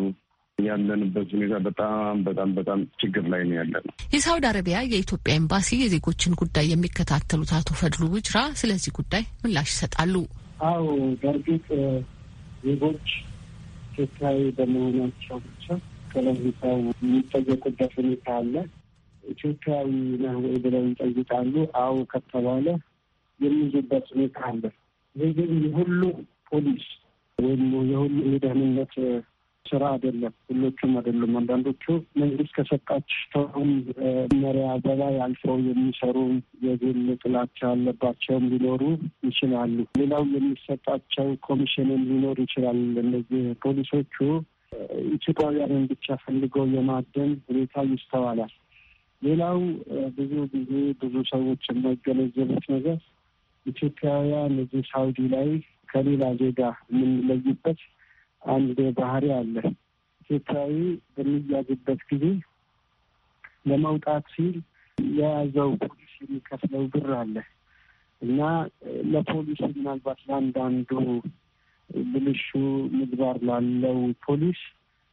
ያለንበት ሁኔታ በጣም በጣም በጣም ችግር ላይ ነው ያለ ነው። የሳውዲ አረቢያ የኢትዮጵያ ኤምባሲ የዜጎችን ጉዳይ የሚከታተሉት አቶ ፈድሉ ውጅራ ስለዚህ ጉዳይ ምላሽ ይሰጣሉ። አዎ በእርግጥ ዜጎች ኢትዮጵያዊ በመሆናቸው ብቻ ከለሁታው የሚጠየቁበት ሁኔታ አለ። ኢትዮጵያዊ ነህ ወይ ብለው ይጠይቃሉ። አዎ ከተባለ የሚይዙበት ሁኔታ አለ። ይህ ግን የሁሉ ፖሊስ ወይም የሁሉ የደህንነት ስራ አይደለም። ሁሎቹም አይደሉም። አንዳንዶቹ መንግስት ከሰጣቸውን መሪያ በላይ አልፈው የሚሰሩ የግል ጥላቻ ያለባቸውም ሊኖሩ ይችላሉ። ሌላው የሚሰጣቸው ኮሚሽንም ሊኖር ይችላል። እነዚህ ፖሊሶቹ ኢትዮጵያውያንን ብቻ ፈልገው የማደን ሁኔታ ይስተዋላል። ሌላው ብዙ ጊዜ ብዙ ሰዎች የማይገነዘቡት ነገር ኢትዮጵያውያን እዚህ ሳውዲ ላይ ከሌላ ዜጋ የምንለይበት አንድ ባህሪ አለ። ኢትዮጵያዊ በሚያዝበት ጊዜ ለመውጣት ሲል የያዘው ፖሊስ የሚከፍለው ብር አለ እና ለፖሊሱ ምናልባት ለአንዳንዱ ብልሹ ምግባር ላለው ፖሊስ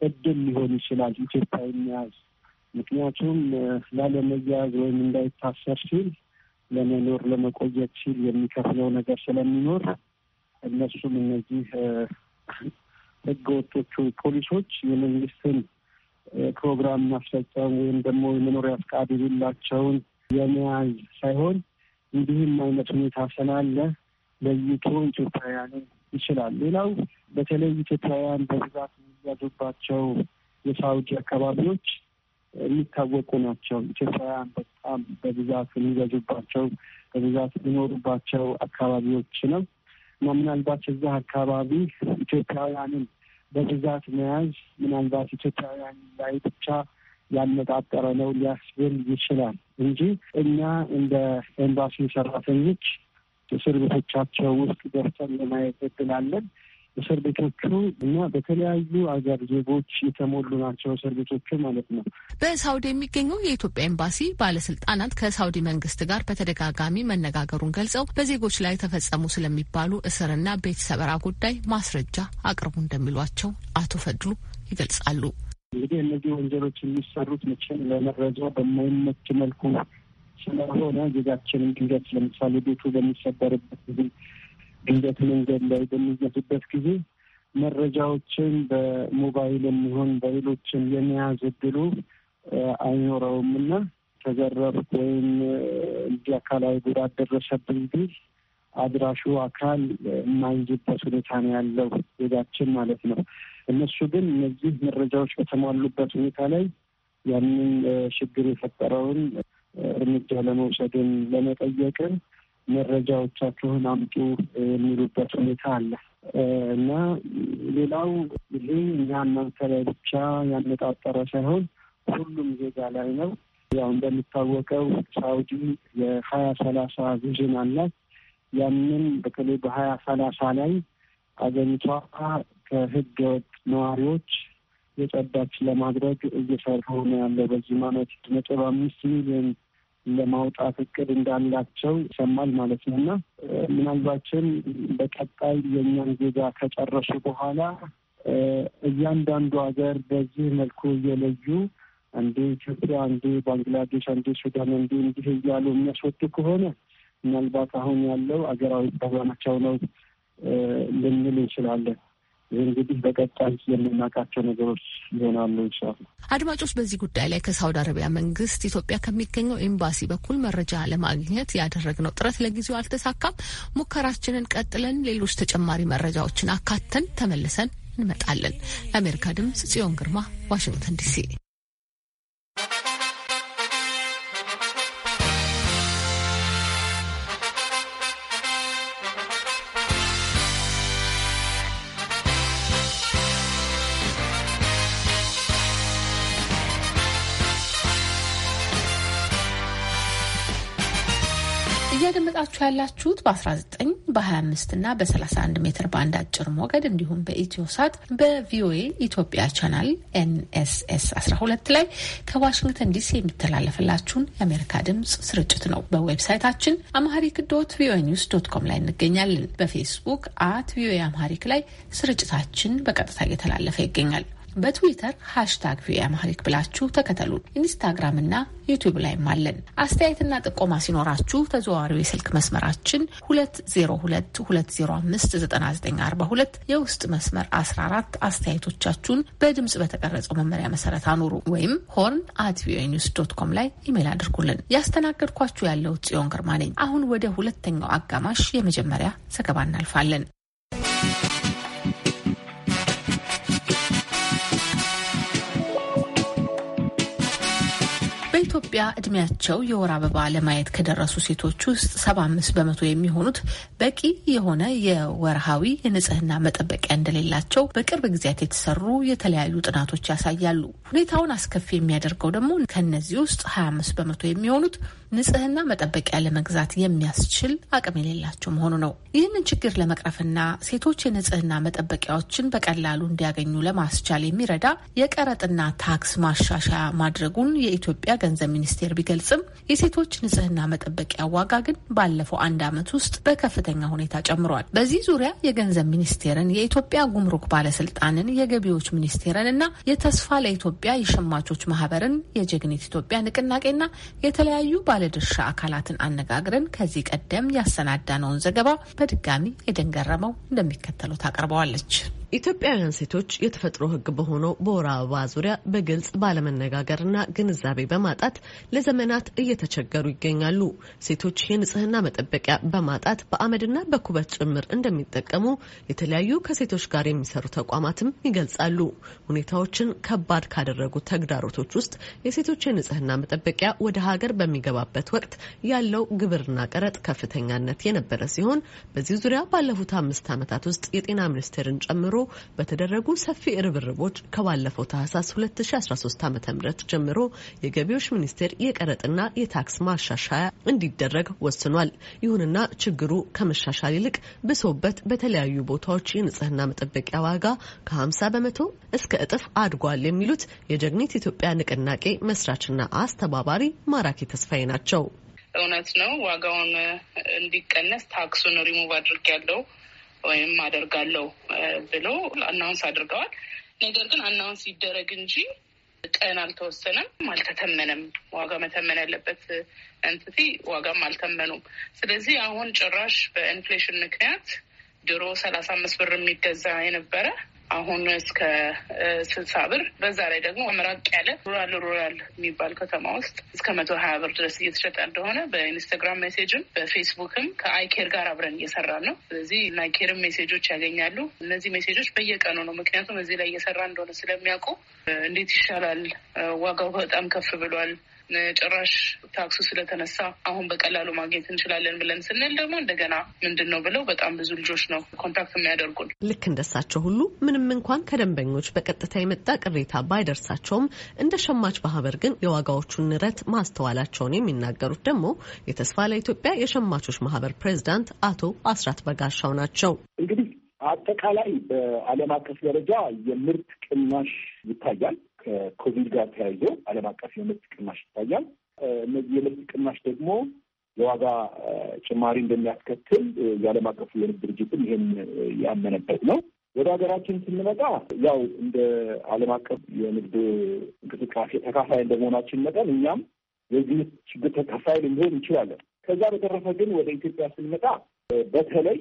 እድል ሊሆን ይችላል ኢትዮጵያ የሚያዝ ምክንያቱም ላለመያዝ ወይም እንዳይታሰር ሲል ለመኖር ለመቆየት ሲል የሚከፍለው ነገር ስለሚኖር እነሱም እነዚህ ህገወጦቹ ፖሊሶች የመንግስትን ፕሮግራም ማስፈጸም ወይም ደግሞ የመኖሪያ ፍቃድ የሌላቸውን የመያዝ ሳይሆን እንዲህም አይነት ሁኔታ ስላለ ለይቶ ኢትዮጵያውያንን ይችላል። ሌላው በተለይ ኢትዮጵያውያን በብዛት የሚያዙባቸው የሳውዲ አካባቢዎች የሚታወቁ ናቸው። ኢትዮጵያውያን በጣም በብዛት የሚገዙባቸው በብዛት የሚኖሩባቸው አካባቢዎች ነው እና ምናልባት እዛ አካባቢ ኢትዮጵያውያንን በብዛት መያዝ ምናልባት ኢትዮጵያውያን ላይ ብቻ ያነጣጠረ ነው ሊያስብል ይችላል እንጂ እኛ እንደ ኤምባሲ ሰራተኞች እስር ቤቶቻቸው ውስጥ ገብተን ለማየት እድላለን። እስር ቤቶቹ እና በተለያዩ አገር ዜጎች የተሞሉ ናቸው እስር ቤቶቹ ማለት ነው። በሳውዲ የሚገኘው የኢትዮጵያ ኤምባሲ ባለስልጣናት ከሳውዲ መንግስት ጋር በተደጋጋሚ መነጋገሩን ገልጸው በዜጎች ላይ ተፈጸሙ ስለሚባሉ እስርና ቤት ሰበራ ጉዳይ ማስረጃ አቅርቡ እንደሚሏቸው አቶ ፈድሉ ይገልጻሉ። እንግዲህ እነዚህ ወንጀሎች የሚሰሩት መቼም ለመረጃ በማይመች መልኩ ስለሆነ ዜጋችንን ድንገት ለምሳሌ ቤቱ በሚሰበርበት ጊዜ ድንገት መንገድ ላይ በሚዘቱበት ጊዜ መረጃዎችን በሞባይል የሚሆን በሌሎችን የመያዝ እድሉ አይኖረውም እና ተዘረፍኩ ወይም እንዲህ አካላዊ ጉዳት ደረሰብን ጊዜ አድራሹ አካል የማይዝበት ሁኔታ ነው ያለው ዜጋችን ማለት ነው። እነሱ ግን እነዚህ መረጃዎች በተሟሉበት ሁኔታ ላይ ያንን ችግር የፈጠረውን እርምጃ ለመውሰድን ለመጠየቅን መረጃዎቻችሁን አምጡ የሚሉበት ሁኔታ አለ እና ሌላው ይሄ እኛ እናንተ ላይ ብቻ ያነጣጠረ ሳይሆን ሁሉም ዜጋ ላይ ነው። ያው እንደሚታወቀው ሳውዲ የሀያ ሰላሳ ቪዥን አላት። ያንን በተለይ በሀያ ሰላሳ ላይ አገሪቷ ከህገ ወጥ ነዋሪዎች የጸዳች ለማድረግ እየሰሩ ነው ያለው። በዚህ ማመት ነጥብ አምስት ሚሊዮን ለማውጣት እቅድ እንዳላቸው ይሰማል ማለት ነው እና ምናልባችን በቀጣይ የእኛን ዜጋ ከጨረሱ በኋላ እያንዳንዱ ሀገር በዚህ መልኩ እየለዩ አንዴ ኢትዮጵያ፣ አንዴ ባንግላዴሽ፣ አንዴ ሱዳን፣ አንዴ እንዲህ እያሉ የሚያስወጡ ከሆነ ምናልባት አሁን ያለው አገራዊ ፕሮግራማቸው ነው ልንል እንችላለን። እንግዲህ በቀጣይ የምናውቃቸው ነገሮች ይሆናሉ። ይሻሉ አድማጮች፣ በዚህ ጉዳይ ላይ ከሳውዲ አረቢያ መንግስት ኢትዮጵያ ከሚገኘው ኤምባሲ በኩል መረጃ ለማግኘት ያደረግነው ጥረት ለጊዜው አልተሳካም። ሙከራችንን ቀጥለን ሌሎች ተጨማሪ መረጃዎችን አካተን ተመልሰን እንመጣለን። ለአሜሪካ ድምጽ ጽዮን ግርማ፣ ዋሽንግተን ዲሲ እያደመጣችሁ ያላችሁት በ19 በ25 እና በ31 ሜትር ባንድ አጭር ሞገድ እንዲሁም በኢትዮ ሳት በቪኦኤ ኢትዮጵያ ቻናል ኤንኤስኤስ 12 ላይ ከዋሽንግተን ዲሲ የሚተላለፍላችሁን የአሜሪካ ድምፅ ስርጭት ነው። በዌብሳይታችን አማሪክ ዶት ቪኦኤ ኒውስ ዶት ኮም ላይ እንገኛለን። በፌስቡክ አት ቪኦኤ አማሪክ ላይ ስርጭታችን በቀጥታ እየተላለፈ ይገኛል። በትዊተር ሃሽታግ ቪኦኤ አማሪክ ብላችሁ ተከተሉን። ኢንስታግራም እና ዩቲዩብ ላይም አለን። አስተያየትና ጥቆማ ሲኖራችሁ ተዘዋዋሪው የስልክ መስመራችን 2022059942 የውስጥ መስመር 14 አስተያየቶቻችሁን በድምጽ በተቀረጸው መመሪያ መሰረት አኑሩ ወይም ሆርን አት ቪኦኤ ኒውስ ዶት ኮም ላይ ኢሜይል አድርጉልን። ያስተናገድኳችሁ ያለው ጽዮን ግርማ ነኝ። አሁን ወደ ሁለተኛው አጋማሽ የመጀመሪያ ዘገባ እናልፋለን። በኢትዮጵያ እድሜያቸው የወር አበባ ለማየት ከደረሱ ሴቶች ውስጥ 75 በመቶ የሚሆኑት በቂ የሆነ የወርሃዊ የንጽህና መጠበቂያ እንደሌላቸው በቅርብ ጊዜያት የተሰሩ የተለያዩ ጥናቶች ያሳያሉ። ሁኔታውን አስከፊ የሚያደርገው ደግሞ ከእነዚህ ውስጥ 25 በመቶ የሚሆኑት ንጽህና መጠበቂያ ለመግዛት የሚያስችል አቅም የሌላቸው መሆኑ ነው። ይህንን ችግር ለመቅረፍና ሴቶች የንጽህና መጠበቂያዎችን በቀላሉ እንዲያገኙ ለማስቻል የሚረዳ የቀረጥና ታክስ ማሻሻያ ማድረጉን የኢትዮጵያ ገንዘብ ሚኒስቴር ቢገልጽም የሴቶች ንጽህና መጠበቂያ ዋጋ ግን ባለፈው አንድ ዓመት ውስጥ በከፍተኛ ሁኔታ ጨምሯል። በዚህ ዙሪያ የገንዘብ ሚኒስቴርን፣ የኢትዮጵያ ጉምሩክ ባለስልጣንን፣ የገቢዎች ሚኒስቴርን እና የተስፋ ለኢትዮጵያ የሸማቾች ማህበርን፣ የጀግኔት ኢትዮጵያ ንቅናቄና የተለያዩ ባለ ባለድርሻ አካላትን አነጋግረን ከዚህ ቀደም ያሰናዳነውን ዘገባ በድጋሚ የደንገረመው እንደሚከተለው ታቀርበዋለች። ኢትዮጵያውያን ሴቶች የተፈጥሮ ሕግ በሆነው በወር አበባ ዙሪያ በግልጽ ባለመነጋገርና ግንዛቤ በማጣት ለዘመናት እየተቸገሩ ይገኛሉ። ሴቶች የንጽህና መጠበቂያ በማጣት በአመድና በኩበት ጭምር እንደሚጠቀሙ የተለያዩ ከሴቶች ጋር የሚሰሩ ተቋማትም ይገልጻሉ። ሁኔታዎችን ከባድ ካደረጉ ተግዳሮቶች ውስጥ የሴቶች የንጽህና መጠበቂያ ወደ ሀገር በሚገባበት ወቅት ያለው ግብርና ቀረጥ ከፍተኛነት የነበረ ሲሆን በዚህ ዙሪያ ባለፉት አምስት ዓመታት ውስጥ የጤና ሚኒስቴርን ጨምሮ በተደረጉ ሰፊ ርብርቦች ከባለፈው ታህሳስ 2013 ዓ ም ጀምሮ የገቢዎች ሚኒስቴር የቀረጥና የታክስ ማሻሻያ እንዲደረግ ወስኗል። ይሁንና ችግሩ ከመሻሻል ይልቅ ብሶበት በተለያዩ ቦታዎች የንጽህና መጠበቂያ ዋጋ ከ50 በመቶ እስከ እጥፍ አድጓል የሚሉት የጀግኒት ኢትዮጵያ ንቅናቄ መስራችና አስተባባሪ ማራኪ ተስፋዬ ናቸው። እውነት ነው። ዋጋውን እንዲቀነስ ታክሱን ሪሙቭ አድርግ ያለው ወይም አደርጋለሁ ብሎ አናውንስ አድርገዋል። ነገር ግን አናውንስ ይደረግ እንጂ ቀን አልተወሰነም፣ አልተተመነም። ዋጋ መተመን ያለበት እንትቲ ዋጋም አልተመኑም። ስለዚህ አሁን ጭራሽ በኢንፍሌሽን ምክንያት ድሮ ሰላሳ አምስት ብር የሚገዛ የነበረ አሁን እስከ ስልሳ ብር በዛ ላይ ደግሞ መራቅ ያለ ሩራል ሩራል የሚባል ከተማ ውስጥ እስከ መቶ ሀያ ብር ድረስ እየተሸጠ እንደሆነ በኢንስታግራም ሜሴጅም በፌስቡክም ከአይኬር ጋር አብረን እየሰራን ነው። ስለዚህ ናይኬርም ሜሴጆች ያገኛሉ። እነዚህ ሜሴጆች በየቀኑ ነው። ምክንያቱም እዚህ ላይ እየሰራ እንደሆነ ስለሚያውቁ እንዴት ይሻላል፣ ዋጋው በጣም ከፍ ብሏል ጭራሽ ታክሱ ስለተነሳ አሁን በቀላሉ ማግኘት እንችላለን ብለን ስንል ደግሞ እንደገና ምንድን ነው ብለው በጣም ብዙ ልጆች ነው ኮንታክት የሚያደርጉን። ልክ እንደሳቸው ሁሉ ምንም እንኳን ከደንበኞች በቀጥታ የመጣ ቅሬታ ባይደርሳቸውም እንደ ሸማች ማህበር ግን የዋጋዎቹን ንረት ማስተዋላቸውን የሚናገሩት ደግሞ የተስፋ ለኢትዮጵያ የሸማቾች ማህበር ፕሬዚዳንት አቶ አስራት በጋሻው ናቸው። እንግዲህ አጠቃላይ በዓለም አቀፍ ደረጃ የምርት ቅናሽ ይታያል። ከኮቪድ ጋር ተያይዞ ዓለም አቀፍ የምርት ቅናሽ ይታያል። እነዚህ የምርት ቅናሽ ደግሞ የዋጋ ጭማሪ እንደሚያስከትል የዓለም አቀፉ የንግድ ድርጅትም ይህን ያመነበት ነው። ወደ ሀገራችን ስንመጣ ያው እንደ ዓለም አቀፍ የንግድ እንቅስቃሴ ተካፋይ እንደመሆናችን መጠን እኛም የዚህ ችግር ተካፋይ ልንሆን እንችላለን። ከዛ በተረፈ ግን ወደ ኢትዮጵያ ስንመጣ በተለይ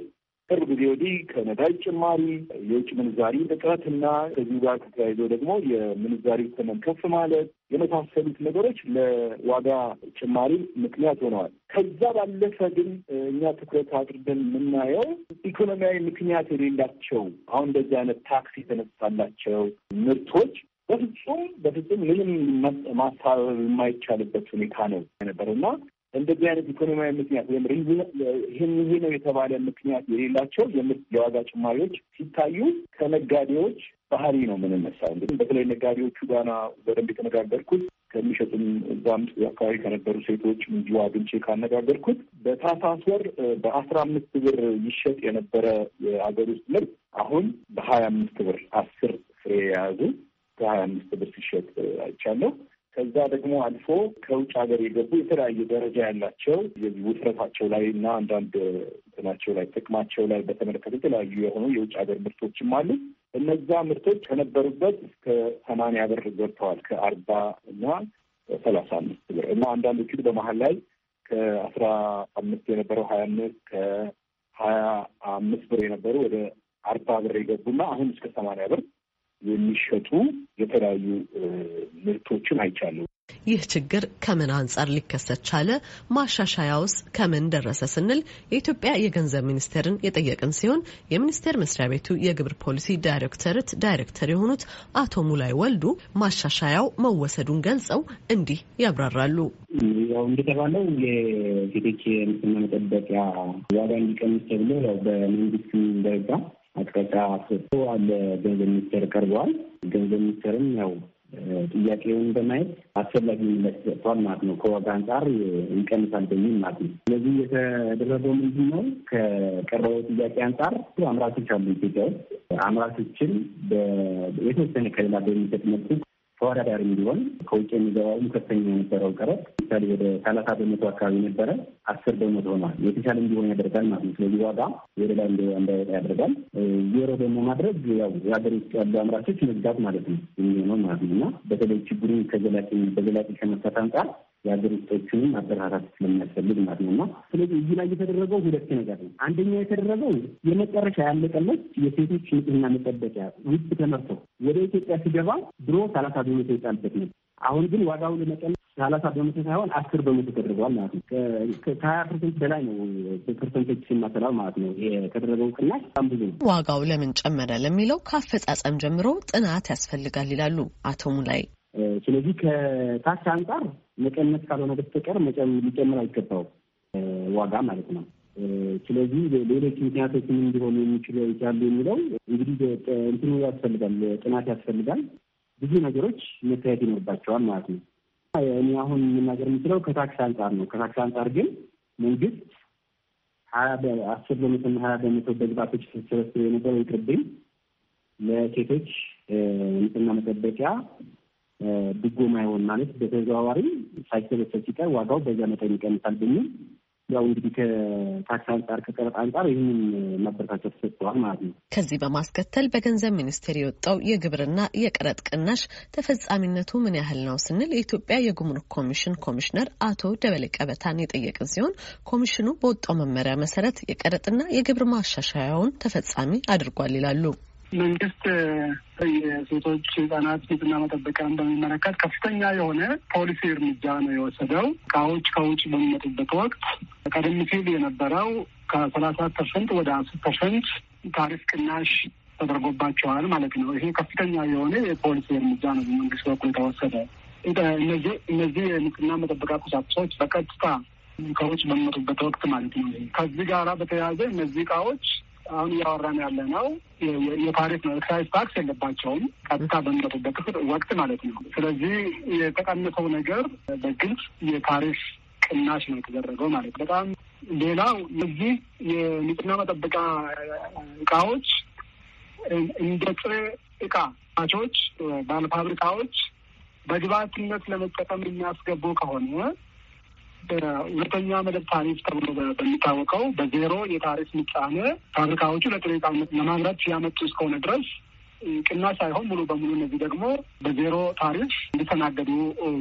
ቅርብ ጊዜ ወዲህ ከነዳጅ ጭማሪ፣ የውጭ ምንዛሪ እጥረትና ከዚሁ ጋር ተያይዞ ደግሞ የምንዛሪ ተመን ከፍ ማለት የመሳሰሉት ነገሮች ለዋጋ ጭማሪ ምክንያት ሆነዋል። ከዛ ባለፈ ግን እኛ ትኩረት አድርገን የምናየው ኢኮኖሚያዊ ምክንያት የሌላቸው አሁን እንደዚህ አይነት ታክስ የተነሳላቸው ምርቶች በፍጹም በፍጹም ምንም ማስታበብ የማይቻልበት ሁኔታ ነው የነበረው እና እንደዚህ አይነት ኢኮኖሚያዊ ምክንያት ወይም ይህን ይሄ ነው የተባለ ምክንያት የሌላቸው የምርት የዋጋ ጭማሪዎች ሲታዩ ከነጋዴዎች ባህሪ ነው የምንነሳው። እንግዲህ በተለይ ነጋዴዎቹ ጋና በደንብ የተነጋገርኩት ከሚሸጡም እዛም አካባቢ ከነበሩ ሴቶች እንዲሁ አግኝቼ ካነጋገርኩት በታህሳስ ወር በአስራ አምስት ብር ይሸጥ የነበረ የሀገር ውስጥ ምርት አሁን በሀያ አምስት ብር አስር ፍሬ የያዙ ከሀያ አምስት ብር ሲሸጥ አይቻለሁ። ከዛ ደግሞ አልፎ ከውጭ ሀገር የገቡ የተለያዩ ደረጃ ያላቸው የዚህ ውፍረታቸው ላይ እና አንዳንድ እንትናቸው ላይ ጥቅማቸው ላይ በተመለከተ የተለያዩ የሆኑ የውጭ ሀገር ምርቶችም አሉ። እነዛ ምርቶች ከነበሩበት እስከ ሰማንያ ብር ገብተዋል። ከአርባ እና ሰላሳ አምስት ብር እና አንዳንዶቹ በመሀል ላይ ከአስራ አምስት የነበረው ሀያ አምስት ከሀያ አምስት ብር የነበሩ ወደ አርባ ብር የገቡና አሁን እስከ ሰማንያ ብር የሚሸጡ የተለያዩ ምርቶችን አይቻለሁ። ይህ ችግር ከምን አንጻር ሊከሰት ቻለ? ማሻሻያውስ ከምን ደረሰ ስንል የኢትዮጵያ የገንዘብ ሚኒስቴርን የጠየቅን ሲሆን የሚኒስቴር መስሪያ ቤቱ የግብር ፖሊሲ ዳይሬክተርት ዳይሬክተር የሆኑት አቶ ሙላይ ወልዱ ማሻሻያው መወሰዱን ገልጸው እንዲህ ያብራራሉ። ያው እንደተባለው የሴቶች የንጽህና መጠበቂያ ዋጋ እንዲቀንስ ተብሎ ያው በመንግስት ደረጃ አቅጣጫ ሰጥቶ ለገንዘብ ሚኒስቴር ቀርበዋል። ገንዘብ ሚኒስቴርም ያው ጥያቄውን በማየት አስፈላጊ ምላሽ ሰጥቷል ማለት ነው። ከዋጋ አንጻር ይቀንሳል በሚል ማለት ነው። ስለዚህ የተደረገው ምንድን ነው? ከቀረበው ጥያቄ አንጻር አምራቾች አሉ ኢትዮጵያ ውስጥ አምራቾችን የተወሰነ ከሌላ በሚሰጥ መልኩ ተወዳዳሪ እንዲሆን ከውጭ የሚገባውም ከፍተኛ የነበረው ቀረጥ ምሳሌ ወደ ሰላሳ በመቶ አካባቢ ነበረ፣ አስር በመቶ ሆኗል። የተሻለ እንዲሆን ያደርጋል ማለት ነው። ስለዚህ ዋጋ ወደ ላይ እንዳይወጣ ያደርጋል። ዜሮ ደግሞ ማድረግ ያው የሀገር ውስጥ ያሉ አምራቾች መግዛት ማለት ነው የሚሆነው ማለት ነው እና በተለይ ችግሩ ከዘላቂ በዘላቂ ከመፍታት አንጻር የአገሪቶቹን ማበረታታት ስለሚያስፈልግ ማለት ነው። እና ስለዚህ እዚህ ላይ የተደረገው ሁለት ነገር ነው። አንደኛ የተደረገው የመጨረሻ ያለቀለት የሴቶች ንጽህና መጠበቂያ ውስጥ ተመርቶ ወደ ኢትዮጵያ ሲገባ ድሮ ሰላሳ በመቶ ይጣልበት ነው። አሁን ግን ዋጋው ለመቀነስ ሰላሳ በመቶ ሳይሆን አስር በመቶ ተደርገዋል ማለት ነው። ከሀያ ፐርሰንት በላይ ነው ፐርሰንቶች ሲማሰላል ማለት ነው የተደረገው ቅናሽ በጣም ብዙ ነው። ዋጋው ለምን ጨመረ ለሚለው ከአፈጻጸም ጀምሮ ጥናት ያስፈልጋል ይላሉ አቶ ሙላይ። ስለዚህ ከታች አንጻር መቀነስ ካልሆነ በስተቀር ሊጨምር አይገባው ዋጋ ማለት ነው። ስለዚህ ሌሎች ምክንያቶች ምን እንዲሆኑ የሚችሉ ያሉ የሚለው እንግዲህ እንትኑ ያስፈልጋል፣ ጥናት ያስፈልጋል። ብዙ ነገሮች መታየት ይኖርባቸዋል ማለት ነው። እኔ አሁን የምናገር የምችለው ከታክስ አንጻር ነው። ከታክስ አንጻር ግን መንግስት ሀያ አስር በመቶና ሀያ በመቶ በግባቶች ተሰበስበው የነበረው ይቅርብኝ ለሴቶች ንጽህና መጠበቂያ ድጎማ ይሆን ማለት በተዘዋዋሪ ሳይሰበሰብ ሲቀር ዋጋው በዛ መጠን ይቀንሳል በሚል ያው እንግዲህ ከታክስ አንጻር ከቀረጥ አንጻር ይህንን ማበረታቸው ተሰጥተዋል ማለት ነው። ከዚህ በማስከተል በገንዘብ ሚኒስቴር የወጣው የግብርና የቀረጥ ቅናሽ ተፈጻሚነቱ ምን ያህል ነው ስንል የኢትዮጵያ የጉምሩክ ኮሚሽን ኮሚሽነር አቶ ደበሌ ቀበታን የጠየቅን ሲሆን ኮሚሽኑ በወጣው መመሪያ መሰረት የቀረጥና የግብር ማሻሻያውን ተፈጻሚ አድርጓል ይላሉ። መንግስት የሴቶች ህጻናት ንጽህና መጠበቂያን በሚመለከት ከፍተኛ የሆነ ፖሊሲ እርምጃ ነው የወሰደው። እቃዎች ከውጭ በሚመጡበት ወቅት ቀደም ሲል የነበረው ከሰላሳ ፐርሰንት ወደ አስር ፐርሰንት ታሪፍ ቅናሽ ተደርጎባቸዋል ማለት ነው። ይሄ ከፍተኛ የሆነ የፖሊሲ እርምጃ ነው በመንግስት በኩል የተወሰደ። እነዚህ እነዚህ የንጽህና መጠበቂያ ቁሳቁሶች በቀጥታ እቃዎች በሚመጡበት ወቅት ማለት ነው። ከዚህ ጋራ በተያያዘ እነዚህ እቃዎች አሁን እያወራን ያለ ነው የፓሪስ ነው። ኤክሳይዝ ታክስ የለባቸውም ቀጥታ በሚመጡበት ወቅት ማለት ነው። ስለዚህ የተቀነሰው ነገር በግልጽ የፓሪስ ቅናሽ ነው የተደረገው ማለት በጣም ሌላው እዚህ የንጽህና መጠበቂያ እቃዎች እንደ ጥሬ እቃ ቻዎች ባለፋብሪካዎች በግብዓትነት ለመጠቀም የሚያስገቡ ከሆነ ሁለተኛ መደብ ታሪፍ ተብሎ በሚታወቀው በዜሮ የታሪፍ ምጣኔ ፋብሪካዎቹ ለጥሬ ዕቃ ለማምረት ያመጡ እስከሆነ ድረስ ቅናሽ ሳይሆን ሙሉ በሙሉ እነዚህ ደግሞ በዜሮ ታሪፍ እንዲተናገዱ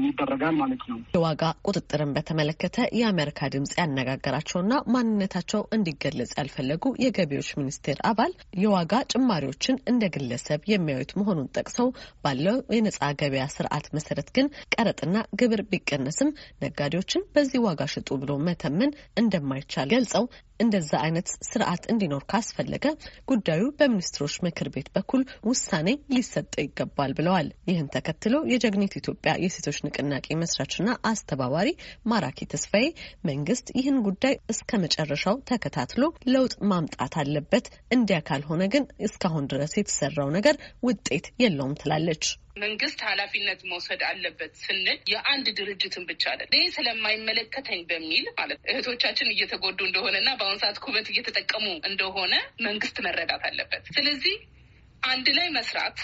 ይደረጋል ማለት ነው። የዋጋ ቁጥጥርን በተመለከተ የአሜሪካ ድምጽ ያነጋገራቸውና ማንነታቸው እንዲገለጽ ያልፈለጉ የገቢዎች ሚኒስቴር አባል የዋጋ ጭማሪዎችን እንደ ግለሰብ የሚያዩት መሆኑን ጠቅሰው ባለው የነጻ ገበያ ስርዓት መሰረት ግን ቀረጥና ግብር ቢቀነስም ነጋዴዎችን በዚህ ዋጋ ሽጡ ብሎ መተመን እንደማይቻል ገልጸው እንደዛ አይነት ስርዓት እንዲኖር ካስፈለገ ጉዳዩ በሚኒስትሮች ምክር ቤት በኩል ውሳኔ ሊሰጠው ይገባል ብለዋል። ይህን ተከትሎ የጀግኒት ኢትዮጵያ የሴቶች ንቅናቄ መስራችና አስተባባሪ ማራኪ ተስፋዬ መንግስት ይህን ጉዳይ እስከ መጨረሻው ተከታትሎ ለውጥ ማምጣት አለበት፣ እንዲያ ካልሆነ ግን እስካሁን ድረስ የተሰራው ነገር ውጤት የለውም ትላለች። መንግስት ኃላፊነት መውሰድ አለበት ስንል የአንድ ድርጅትን ብቻ አለ እኔ ስለማይመለከተኝ በሚል ማለት እህቶቻችን እየተጎዱ እንደሆነ እና በአሁኑ ሰዓት ኩበት እየተጠቀሙ እንደሆነ መንግስት መረዳት አለበት። ስለዚህ አንድ ላይ መስራት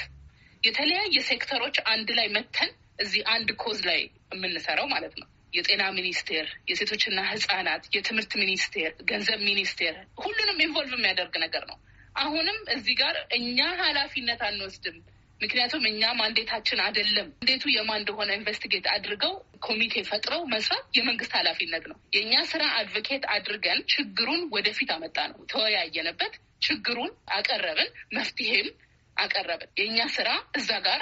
የተለያየ ሴክተሮች አንድ ላይ መተን እዚህ አንድ ኮዝ ላይ የምንሰራው ማለት ነው። የጤና ሚኒስቴር፣ የሴቶችና ህጻናት፣ የትምህርት ሚኒስቴር፣ ገንዘብ ሚኒስቴር ሁሉንም ኢንቮልቭ የሚያደርግ ነገር ነው። አሁንም እዚህ ጋር እኛ ኃላፊነት አንወስድም ምክንያቱም እኛ ማንዴታችን አይደለም እንዴቱ የማን እንደሆነ ኢንቨስቲጌት አድርገው ኮሚቴ ፈጥረው መስራት የመንግስት ኃላፊነት ነው። የእኛ ስራ አድቮኬት አድርገን ችግሩን ወደፊት አመጣ ነው። ተወያየንበት፣ ችግሩን አቀረብን፣ መፍትሄም አቀረብን። የእኛ ስራ እዛ ጋር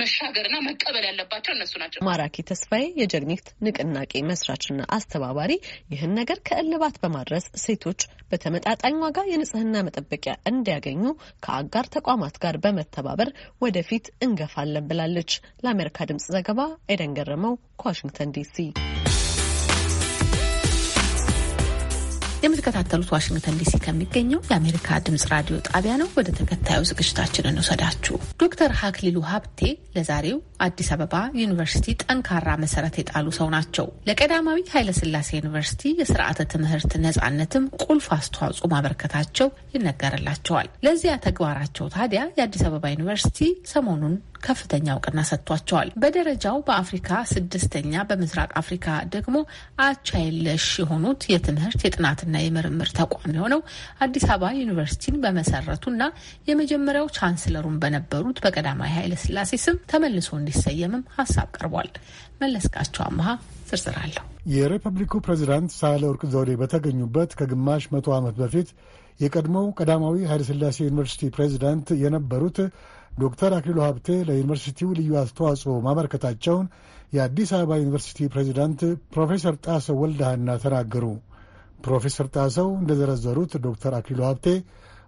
መሻገርና መቀበል ያለባቸው እነሱ ናቸው። ማራኪ ተስፋዬ የጀግኒት ንቅናቄ መስራችና አስተባባሪ፣ ይህን ነገር ከእልባት በማድረስ ሴቶች በተመጣጣኝ ዋጋ የንጽህና መጠበቂያ እንዲያገኙ ከአጋር ተቋማት ጋር በመተባበር ወደፊት እንገፋለን ብላለች። ለአሜሪካ ድምጽ ዘገባ ኤደን ገረመው ከዋሽንግተን ዲሲ የምትከታተሉት ዋሽንግተን ዲሲ ከሚገኘው የአሜሪካ ድምጽ ራዲዮ ጣቢያ ነው። ወደ ተከታዩ ዝግጅታችን እንውሰዳችሁ። ዶክተር ሀክሊሉ ሀብቴ ለዛሬው አዲስ አበባ ዩኒቨርሲቲ ጠንካራ መሰረት የጣሉ ሰው ናቸው። ለቀዳማዊ ኃይለስላሴ ዩኒቨርሲቲ የስርዓተ ትምህርት ነጻነትም ቁልፍ አስተዋጽኦ ማበረከታቸው ይነገርላቸዋል። ለዚያ ተግባራቸው ታዲያ የአዲስ አበባ ዩኒቨርሲቲ ሰሞኑን ከፍተኛ እውቅና ሰጥቷቸዋል። በደረጃው በአፍሪካ ስድስተኛ፣ በምስራቅ አፍሪካ ደግሞ አቻይለሽ የሆኑት የትምህርት የጥናትና የምርምር ተቋም የሆነው አዲስ አበባ ዩኒቨርሲቲን በመሰረቱና የመጀመሪያው ቻንስለሩን በነበሩት በቀዳማዊ ኃይለ ስላሴ ስም ተመልሶ እንዲሰየምም ሀሳብ ቀርቧል። መለስካቸው አመሃ ዝርዝር አለሁ። የሪፐብሊኩ ፕሬዚዳንት ሳህለወርቅ ዘውዴ በተገኙበት ከግማሽ መቶ ዓመት በፊት የቀድሞው ቀዳማዊ ኃይለስላሴ ዩኒቨርሲቲ ፕሬዚዳንት የነበሩት ዶክተር አክሊሉ ሀብቴ ለዩኒቨርሲቲው ልዩ አስተዋጽኦ ማበረከታቸውን የአዲስ አበባ ዩኒቨርሲቲ ፕሬዚዳንት ፕሮፌሰር ጣሰው ወልደሃና ተናገሩ። ፕሮፌሰር ጣሰው እንደዘረዘሩት ዶክተር አክሊሉ ሀብቴ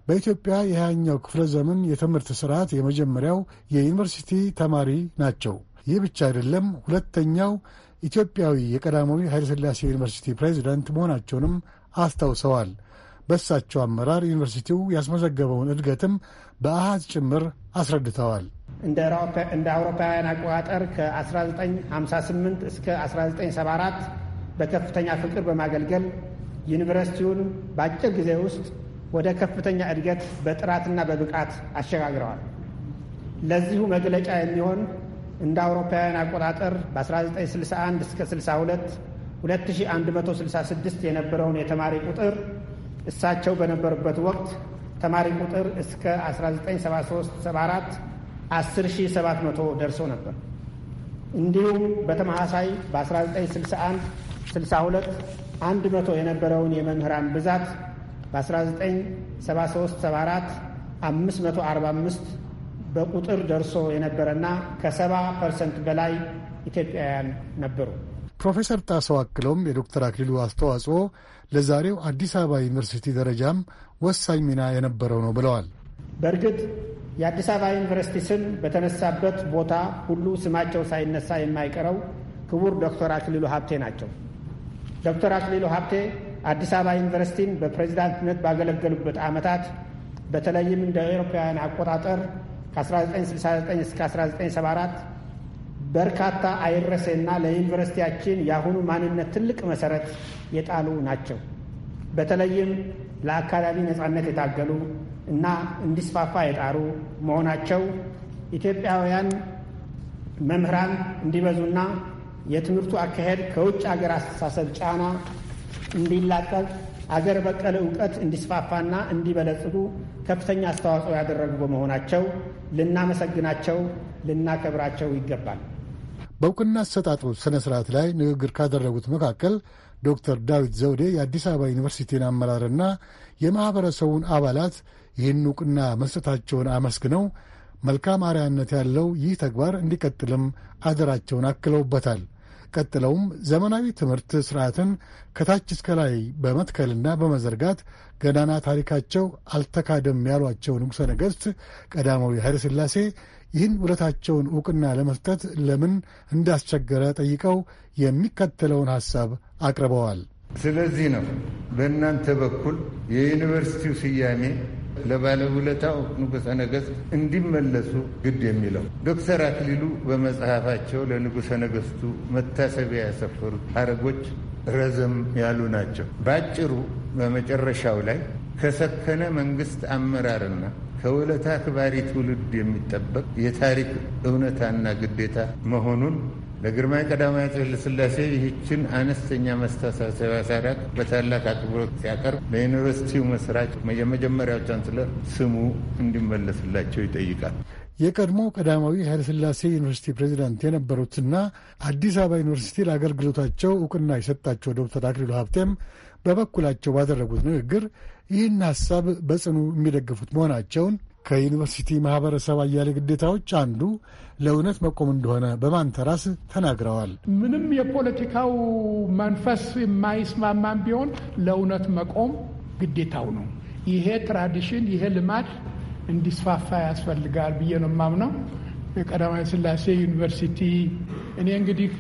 በኢትዮጵያ የሃያኛው ክፍለ ዘመን የትምህርት ስርዓት የመጀመሪያው የዩኒቨርሲቲ ተማሪ ናቸው። ይህ ብቻ አይደለም፣ ሁለተኛው ኢትዮጵያዊ የቀዳማዊ ኃይለሥላሴ ዩኒቨርሲቲ ፕሬዚዳንት መሆናቸውንም አስታውሰዋል። በእሳቸው አመራር ዩኒቨርሲቲው ያስመዘገበውን እድገትም በአሃዝ ጭምር አስረድተዋል። እንደ አውሮፓውያን አቆጣጠር ከ1958 እስከ 1974 በከፍተኛ ፍቅር በማገልገል ዩኒቨርሲቲውን በአጭር ጊዜ ውስጥ ወደ ከፍተኛ እድገት በጥራትና በብቃት አሸጋግረዋል። ለዚሁ መግለጫ የሚሆን እንደ አውሮፓውያን አቆጣጠር በ1961 እስከ 62 2166 የነበረውን የተማሪ ቁጥር እሳቸው በነበሩበት ወቅት ተማሪ ቁጥር እስከ 1973/74 10700 ደርሶ ነበር። እንዲሁም በተመሳሳይ በ1961 62 100 የነበረውን የመምህራን ብዛት በ1973/74 545 በቁጥር ደርሶ የነበረና ከ70 ፐርሰንት በላይ ኢትዮጵያውያን ነበሩ። ፕሮፌሰር ጣሰው አክለውም የዶክተር አክሊሉ አስተዋጽኦ ለዛሬው አዲስ አበባ ዩኒቨርሲቲ ደረጃም ወሳኝ ሚና የነበረው ነው ብለዋል። በእርግጥ የአዲስ አበባ ዩኒቨርሲቲ ስም በተነሳበት ቦታ ሁሉ ስማቸው ሳይነሳ የማይቀረው ክቡር ዶክተር አክሊሉ ሀብቴ ናቸው። ዶክተር አክሊሉ ሀብቴ አዲስ አበባ ዩኒቨርሲቲን በፕሬዚዳንትነት ባገለገሉበት ዓመታት በተለይም እንደ ኤሮፓውያን አቆጣጠር ከ1969 እስከ 1974 በርካታ አይረሴና ለዩኒቨርሲቲያችን የአሁኑ ማንነት ትልቅ መሰረት የጣሉ ናቸው። በተለይም ለአካባቢ ነፃነት የታገሉ እና እንዲስፋፋ የጣሩ መሆናቸው ኢትዮጵያውያን መምህራን እንዲበዙና የትምህርቱ አካሄድ ከውጭ አገር አስተሳሰብ ጫና እንዲላቀቅ አገር በቀል እውቀት እንዲስፋፋና እንዲበለጽጉ ከፍተኛ አስተዋጽኦ ያደረጉ በመሆናቸው ልናመሰግናቸው፣ ልናከብራቸው ይገባል። በእውቅና አሰጣጡ ስነ ስርዓት ላይ ንግግር ካደረጉት መካከል ዶክተር ዳዊት ዘውዴ የአዲስ አበባ ዩኒቨርሲቲን አመራርና የማኅበረሰቡን አባላት ይህን ዕውቅና መስጠታቸውን አመስግነው መልካም አርያነት ያለው ይህ ተግባር እንዲቀጥልም አደራቸውን አክለውበታል። ቀጥለውም ዘመናዊ ትምህርት ስርዓትን ከታች እስከ ላይ በመትከልና በመዘርጋት ገናና ታሪካቸው አልተካደም ያሏቸው ንጉሠ ነገሥት ቀዳማዊ ኃይለ ሥላሴ ይህን ውለታቸውን ዕውቅና ለመስጠት ለምን እንዳስቸገረ ጠይቀው የሚከተለውን ሐሳብ አቅርበዋል። ስለዚህ ነው በእናንተ በኩል የዩኒቨርሲቲው ስያሜ ለባለውለታው ንጉሠ ነገሥት እንዲመለሱ ግድ የሚለው ዶክተር አክሊሉ በመጽሐፋቸው ለንጉሠ ነገሥቱ መታሰቢያ ያሰፈሩት ሐረጎች ረዘም ያሉ ናቸው። በአጭሩ በመጨረሻው ላይ ከሰከነ መንግሥት አመራርና ከውለታ አክባሪ ትውልድ የሚጠበቅ የታሪክ እውነታና ግዴታ መሆኑን ለግርማዊ ቀዳማዊ ኃይለ ሥላሴ ይህችን አነስተኛ መስተሳሰቢያ ሳዳት በታላቅ አክብሮት ሲያቀርብ ለዩኒቨርሲቲው መስራች የመጀመሪያው ቻንስለር ስሙ እንዲመለስላቸው ይጠይቃል። የቀድሞ ቀዳማዊ ኃይለሥላሴ ዩኒቨርሲቲ ፕሬዚዳንት የነበሩትና አዲስ አበባ ዩኒቨርሲቲ ለአገልግሎታቸው እውቅና የሰጣቸው ዶክተር አክሊሉ ሀብቴም በበኩላቸው ባደረጉት ንግግር ይህን ሀሳብ በጽኑ የሚደግፉት መሆናቸውን ከዩኒቨርሲቲ ማህበረሰብ አያሌ ግዴታዎች አንዱ ለእውነት መቆም እንደሆነ በማንተራስ ተናግረዋል። ምንም የፖለቲካው መንፈስ የማይስማማም ቢሆን ለእውነት መቆም ግዴታው ነው። ይሄ ትራዲሽን፣ ይሄ ልማድ እንዲስፋፋ ያስፈልጋል ብዬ ነው የማምነው። የቀዳማዊ ስላሴ ዩኒቨርሲቲ እኔ እንግዲህ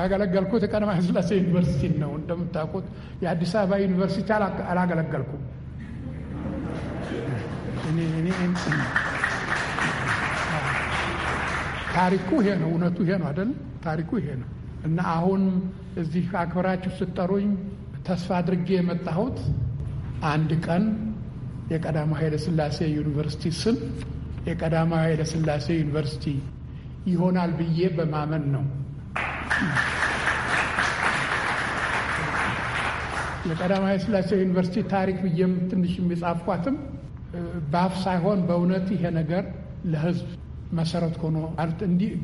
ያገለገልኩት የቀዳማዊ ስላሴ ዩኒቨርሲቲ ነው። እንደምታውቁት የአዲስ አበባ ዩኒቨርሲቲ አላገለገልኩም። ታሪኩ ይሄ ነው። እውነቱ ይሄ ነው አይደለም? ታሪኩ ይሄ ነው እና አሁን እዚህ አክብራችሁ ስጠሩኝ ተስፋ አድርጌ የመጣሁት አንድ ቀን የቀዳማዊ ኃይለ ሥላሴ ዩኒቨርሲቲ ስም የቀዳማዊ ኃይለ ሥላሴ ዩኒቨርሲቲ ይሆናል ብዬ በማመን ነው። የቀዳማዊ ኃይለ ሥላሴ ዩኒቨርሲቲ ታሪክ ብዬም ትንሽ የሚጻፍኳትም በአፍ ሳይሆን በእውነት ይሄ ነገር ለህዝብ መሰረት ሆኖ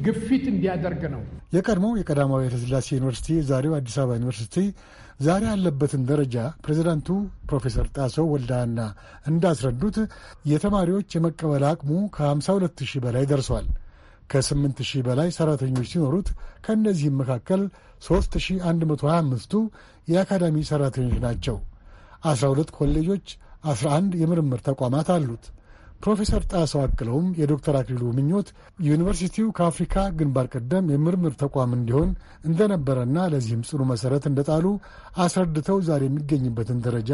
ግፊት እንዲያደርግ ነው። የቀድሞው የቀዳማዊ ኃይለሥላሴ ዩኒቨርሲቲ ዛሬው አዲስ አበባ ዩኒቨርሲቲ ዛሬ ያለበትን ደረጃ ፕሬዚዳንቱ ፕሮፌሰር ጣሰው ወልደሃና እንዳስረዱት የተማሪዎች የመቀበል አቅሙ ከ52 ሺህ በላይ ደርሷል። ከ8 ሺህ በላይ ሠራተኞች ሲኖሩት ከእነዚህም መካከል 3125ቱ የአካዳሚ ሠራተኞች ናቸው። 12 ኮሌጆች 11 የምርምር ተቋማት አሉት። ፕሮፌሰር ጣሰው አክለውም የዶክተር አክሊሉ ምኞት ዩኒቨርሲቲው ከአፍሪካ ግንባር ቀደም የምርምር ተቋም እንዲሆን እንደነበረና ለዚህም ጽኑ መሰረት እንደጣሉ አስረድተው ዛሬ የሚገኝበትን ደረጃ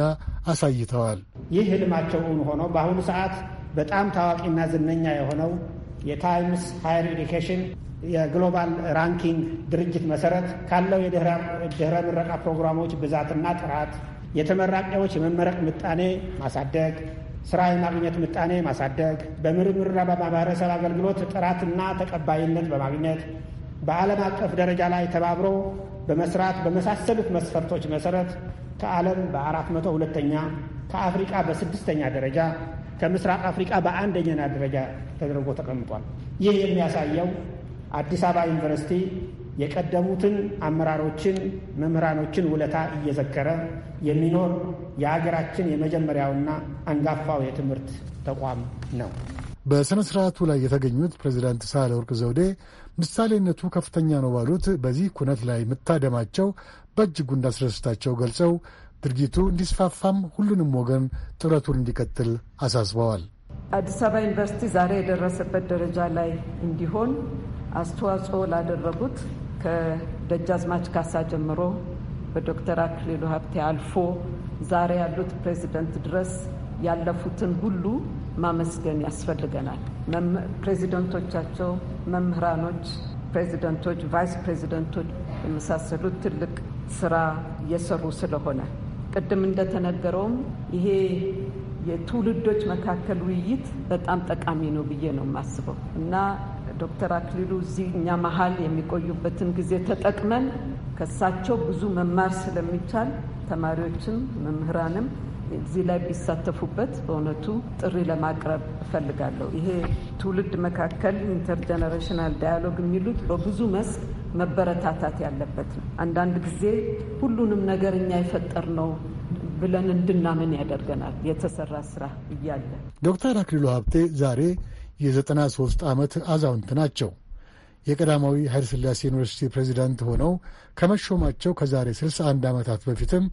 አሳይተዋል። ይህ ህልማቸው እውን ሆኖ በአሁኑ ሰዓት በጣም ታዋቂና ዝነኛ የሆነው የታይምስ ሃየር ኤዲኬሽን የግሎባል ራንኪንግ ድርጅት መሰረት ካለው የድህረ ምረቃ ፕሮግራሞች ብዛትና ጥራት የተመራቂዎች የመመረቅ ምጣኔ ማሳደግ፣ ስራ የማግኘት ምጣኔ ማሳደግ፣ በምርምርና በማህበረሰብ አገልግሎት ጥራትና ተቀባይነት በማግኘት በዓለም አቀፍ ደረጃ ላይ ተባብሮ በመስራት በመሳሰሉት መስፈርቶች መሰረት ከዓለም በአራት መቶ ሁለተኛ ከአፍሪቃ በስድስተኛ ደረጃ ከምስራቅ አፍሪቃ በአንደኛ ደረጃ ተደርጎ ተቀምጧል። ይህ የሚያሳየው አዲስ አበባ ዩኒቨርሲቲ የቀደሙትን አመራሮችን፣ መምህራኖችን ውለታ እየዘከረ የሚኖር የሀገራችን የመጀመሪያውና አንጋፋው የትምህርት ተቋም ነው። በሥነ ሥርዓቱ ላይ የተገኙት ፕሬዚዳንት ሳህለወርቅ ዘውዴ ምሳሌነቱ ከፍተኛ ነው ባሉት በዚህ ኩነት ላይ መታደማቸው በእጅጉ እንዳስደሰታቸው ገልጸው ድርጊቱ እንዲስፋፋም ሁሉንም ወገን ጥረቱን እንዲቀጥል አሳስበዋል። አዲስ አበባ ዩኒቨርሲቲ ዛሬ የደረሰበት ደረጃ ላይ እንዲሆን አስተዋጽኦ ላደረጉት ከደጃዝማች ካሳ ጀምሮ በዶክተር አክሊሉ ሀብቴ አልፎ ዛሬ ያሉት ፕሬዚደንት ድረስ ያለፉትን ሁሉ ማመስገን ያስፈልገናል። ፕሬዚደንቶቻቸው፣ መምህራኖች፣ ፕሬዚደንቶች፣ ቫይስ ፕሬዚደንቶች የመሳሰሉት ትልቅ ስራ እየሰሩ ስለሆነ ቅድም እንደተነገረውም ይሄ የትውልዶች መካከል ውይይት በጣም ጠቃሚ ነው ብዬ ነው የማስበው እና ዶክተር አክሊሉ እዚህ እኛ መሀል የሚቆዩበትን ጊዜ ተጠቅመን ከሳቸው ብዙ መማር ስለሚቻል ተማሪዎችም መምህራንም እዚህ ላይ ቢሳተፉበት በእውነቱ ጥሪ ለማቅረብ እፈልጋለሁ። ይሄ ትውልድ መካከል ኢንተርጀነሬሽናል ዳያሎግ የሚሉት በብዙ መስክ መበረታታት ያለበት ነው። አንዳንድ ጊዜ ሁሉንም ነገር እኛ ነው ብለን እንድናምን ያደርገናል የተሰራ ስራ እያለ። ዶክተር አክሊሉ ሀብቴ ዛሬ የ93 ዓመት አዛውንት ናቸው። የቀዳማዊ ኃይለሥላሴ ዩኒቨርሲቲ ፕሬዚዳንት ሆነው ከመሾማቸው ከዛሬ 61 ዓመታት በፊትም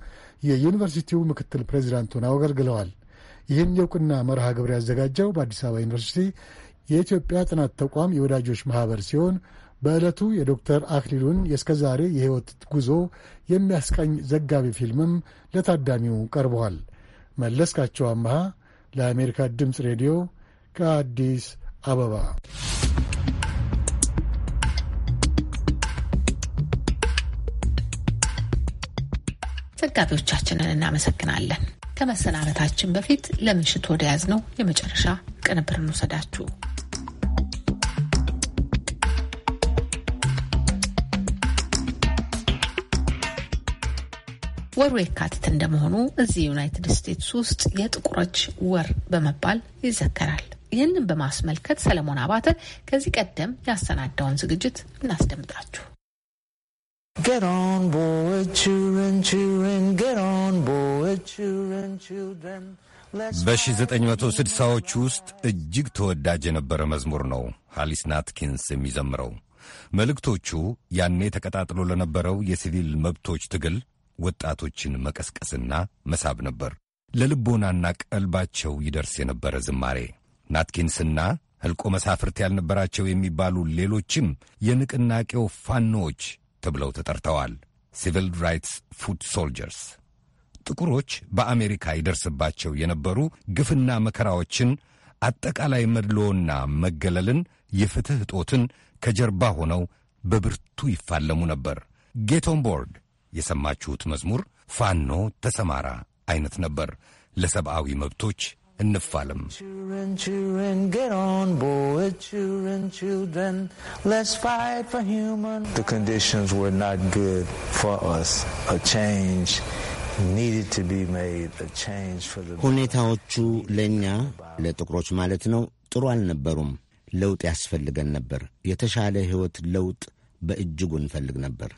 የዩኒቨርሲቲው ምክትል ፕሬዚዳንት ሆነው አገልግለዋል። ይህን የእውቅና መርሃ ግብር ያዘጋጀው በአዲስ አበባ ዩኒቨርሲቲ የኢትዮጵያ ጥናት ተቋም የወዳጆች ማኅበር ሲሆን በዕለቱ የዶክተር አክሊሉን የእስከዛሬ የሕይወት ጉዞ የሚያስቃኝ ዘጋቢ ፊልምም ለታዳሚው ቀርበዋል። መለስካቸው አምሃ ለአሜሪካ ድምፅ ሬዲዮ ከአዲስ አበባ ዘጋቢዎቻችንን እናመሰግናለን። ከመሰናበታችን በፊት ለምሽት ወደ ያዝ ነው የመጨረሻ ቅንብር እንውሰዳችሁ። ወሩ የካቲት እንደመሆኑ እዚህ ዩናይትድ ስቴትስ ውስጥ የጥቁሮች ወር በመባል ይዘከራል። ይህንን በማስመልከት ሰለሞን አባተ ከዚህ ቀደም ያሰናዳውን ዝግጅት እናስደምጣችሁ። በ1960ዎቹ ውስጥ እጅግ ተወዳጅ የነበረ መዝሙር ነው ሃሊስ ናትኪንስ የሚዘምረው። መልእክቶቹ ያኔ ተቀጣጥሎ ለነበረው የሲቪል መብቶች ትግል ወጣቶችን መቀስቀስና መሳብ ነበር። ለልቦናና ቀልባቸው ይደርስ የነበረ ዝማሬ ናትኪንስና ሕልቆ መሳፍርት ያልነበራቸው የሚባሉ ሌሎችም የንቅናቄው ፋኖዎች ተብለው ተጠርተዋል። ሲቪል ራይትስ ፉድ ሶልጀርስ ጥቁሮች በአሜሪካ ይደርስባቸው የነበሩ ግፍና መከራዎችን፣ አጠቃላይ መድሎና መገለልን፣ የፍትሕ እጦትን ከጀርባ ሆነው በብርቱ ይፋለሙ ነበር። ጌቶን ቦርድ የሰማችሁት መዝሙር ፋኖ ተሰማራ አይነት ነበር። ለሰብአዊ መብቶች እንፋለም። ሁኔታዎቹ ለእኛ ለጥቁሮች ማለት ነው ጥሩ አልነበሩም። ለውጥ ያስፈልገን ነበር። የተሻለ ሕይወት ለውጥ በእጅጉ እንፈልግ ነበር።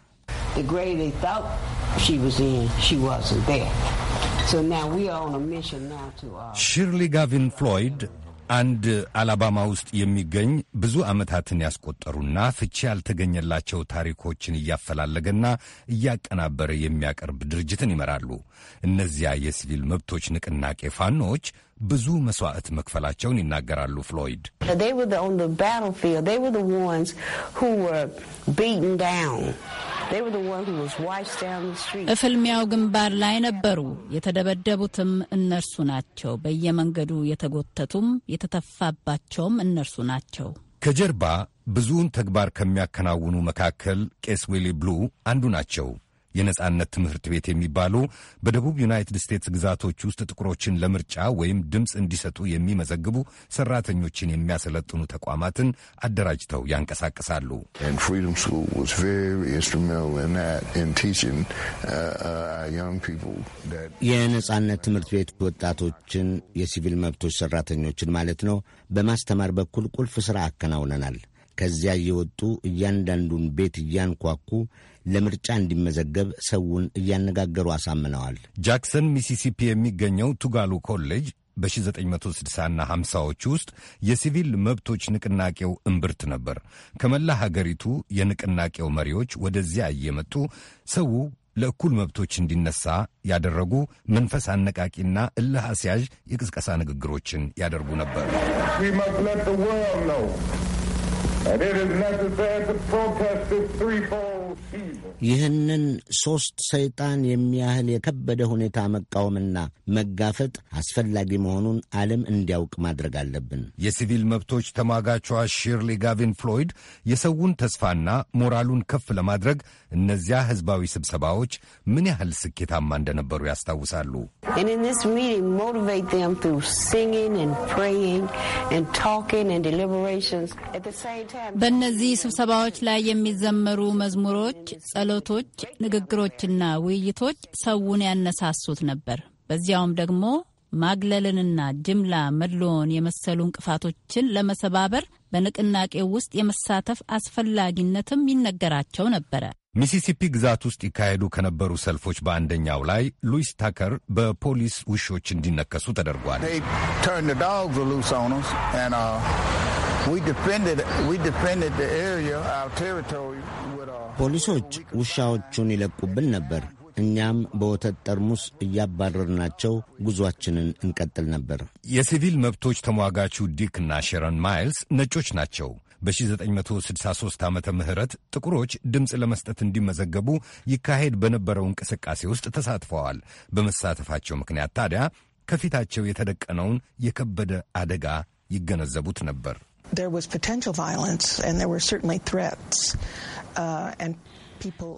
ሺርሊ ጋቪን ፍሎይድ አንድ አላባማ ውስጥ የሚገኝ ብዙ ዓመታትን ያስቆጠሩና ፍቺ ያልተገኘላቸው ታሪኮችን እያፈላለገና እያቀናበረ የሚያቀርብ ድርጅትን ይመራሉ። እነዚያ የሲቪል መብቶች ንቅናቄ ፋኖዎች ብዙ መስዋዕት መክፈላቸውን ይናገራሉ። ፍሎይድ እፍልሚያው ግንባር ላይ ነበሩ። የተደበደቡትም እነርሱ ናቸው። በየመንገዱ የተጎተቱም የተተፋባቸውም እነርሱ ናቸው። ከጀርባ ብዙውን ተግባር ከሚያከናውኑ መካከል ቄስ ዊሊ ብሉ አንዱ ናቸው። የነጻነት ትምህርት ቤት የሚባሉ በደቡብ ዩናይትድ ስቴትስ ግዛቶች ውስጥ ጥቁሮችን ለምርጫ ወይም ድምፅ እንዲሰጡ የሚመዘግቡ ሰራተኞችን የሚያሰለጥኑ ተቋማትን አደራጅተው ያንቀሳቅሳሉ። uh, uh, የነጻነት ትምህርት ቤት ወጣቶችን፣ የሲቪል መብቶች ሰራተኞችን ማለት ነው፣ በማስተማር በኩል ቁልፍ ስራ አከናውነናል። ከዚያ እየወጡ እያንዳንዱን ቤት እያንኳኩ ለምርጫ እንዲመዘገብ ሰውን እያነጋገሩ አሳምነዋል። ጃክሰን ሚሲሲፒ የሚገኘው ቱጋሉ ኮሌጅ በ1960ና 50ዎች ውስጥ የሲቪል መብቶች ንቅናቄው እምብርት ነበር። ከመላ ሀገሪቱ የንቅናቄው መሪዎች ወደዚያ እየመጡ ሰው ለእኩል መብቶች እንዲነሳ ያደረጉ መንፈስ አነቃቂና እልህ አስያዥ የቅስቀሳ ንግግሮችን ያደርጉ ነበር። ይህንን ሦስት ሰይጣን የሚያህል የከበደ ሁኔታ መቃወምና መጋፈጥ አስፈላጊ መሆኑን ዓለም እንዲያውቅ ማድረግ አለብን። የሲቪል መብቶች ተሟጋቿ ሺርሊ ጋቪን ፍሎይድ የሰውን ተስፋና ሞራሉን ከፍ ለማድረግ እነዚያ ሕዝባዊ ስብሰባዎች ምን ያህል ስኬታማ እንደነበሩ ያስታውሳሉ። በእነዚህ ስብሰባዎች ላይ የሚዘመሩ መዝሙሮች፣ ጸሎቶች፣ ንግግሮችና ውይይቶች ሰውን ያነሳሱት ነበር። በዚያውም ደግሞ ማግለልንና ጅምላ መድሎን የመሰሉ እንቅፋቶችን ለመሰባበር በንቅናቄው ውስጥ የመሳተፍ አስፈላጊነትም ይነገራቸው ነበረ። ሚሲሲፒ ግዛት ውስጥ ይካሄዱ ከነበሩ ሰልፎች በአንደኛው ላይ ሉዊስ ታከር በፖሊስ ውሾች እንዲነከሱ ተደርጓል። Uh, ፖሊሶች ውሻዎቹን ይለቁብን ነበር። እኛም በወተት ጠርሙስ እያባረርናቸው ጉዟችንን እንቀጥል ነበር። የሲቪል መብቶች ተሟጋቹ ዲክ እና ሸረን ማይልስ ነጮች ናቸው። በ1963 ዓመተ ምህረት ጥቁሮች ድምፅ ለመስጠት እንዲመዘገቡ ይካሄድ በነበረው እንቅስቃሴ ውስጥ ተሳትፈዋል። በመሳተፋቸው ምክንያት ታዲያ ከፊታቸው የተደቀነውን የከበደ አደጋ ይገነዘቡት ነበር። there was potential violence and there were certainly threats uh, and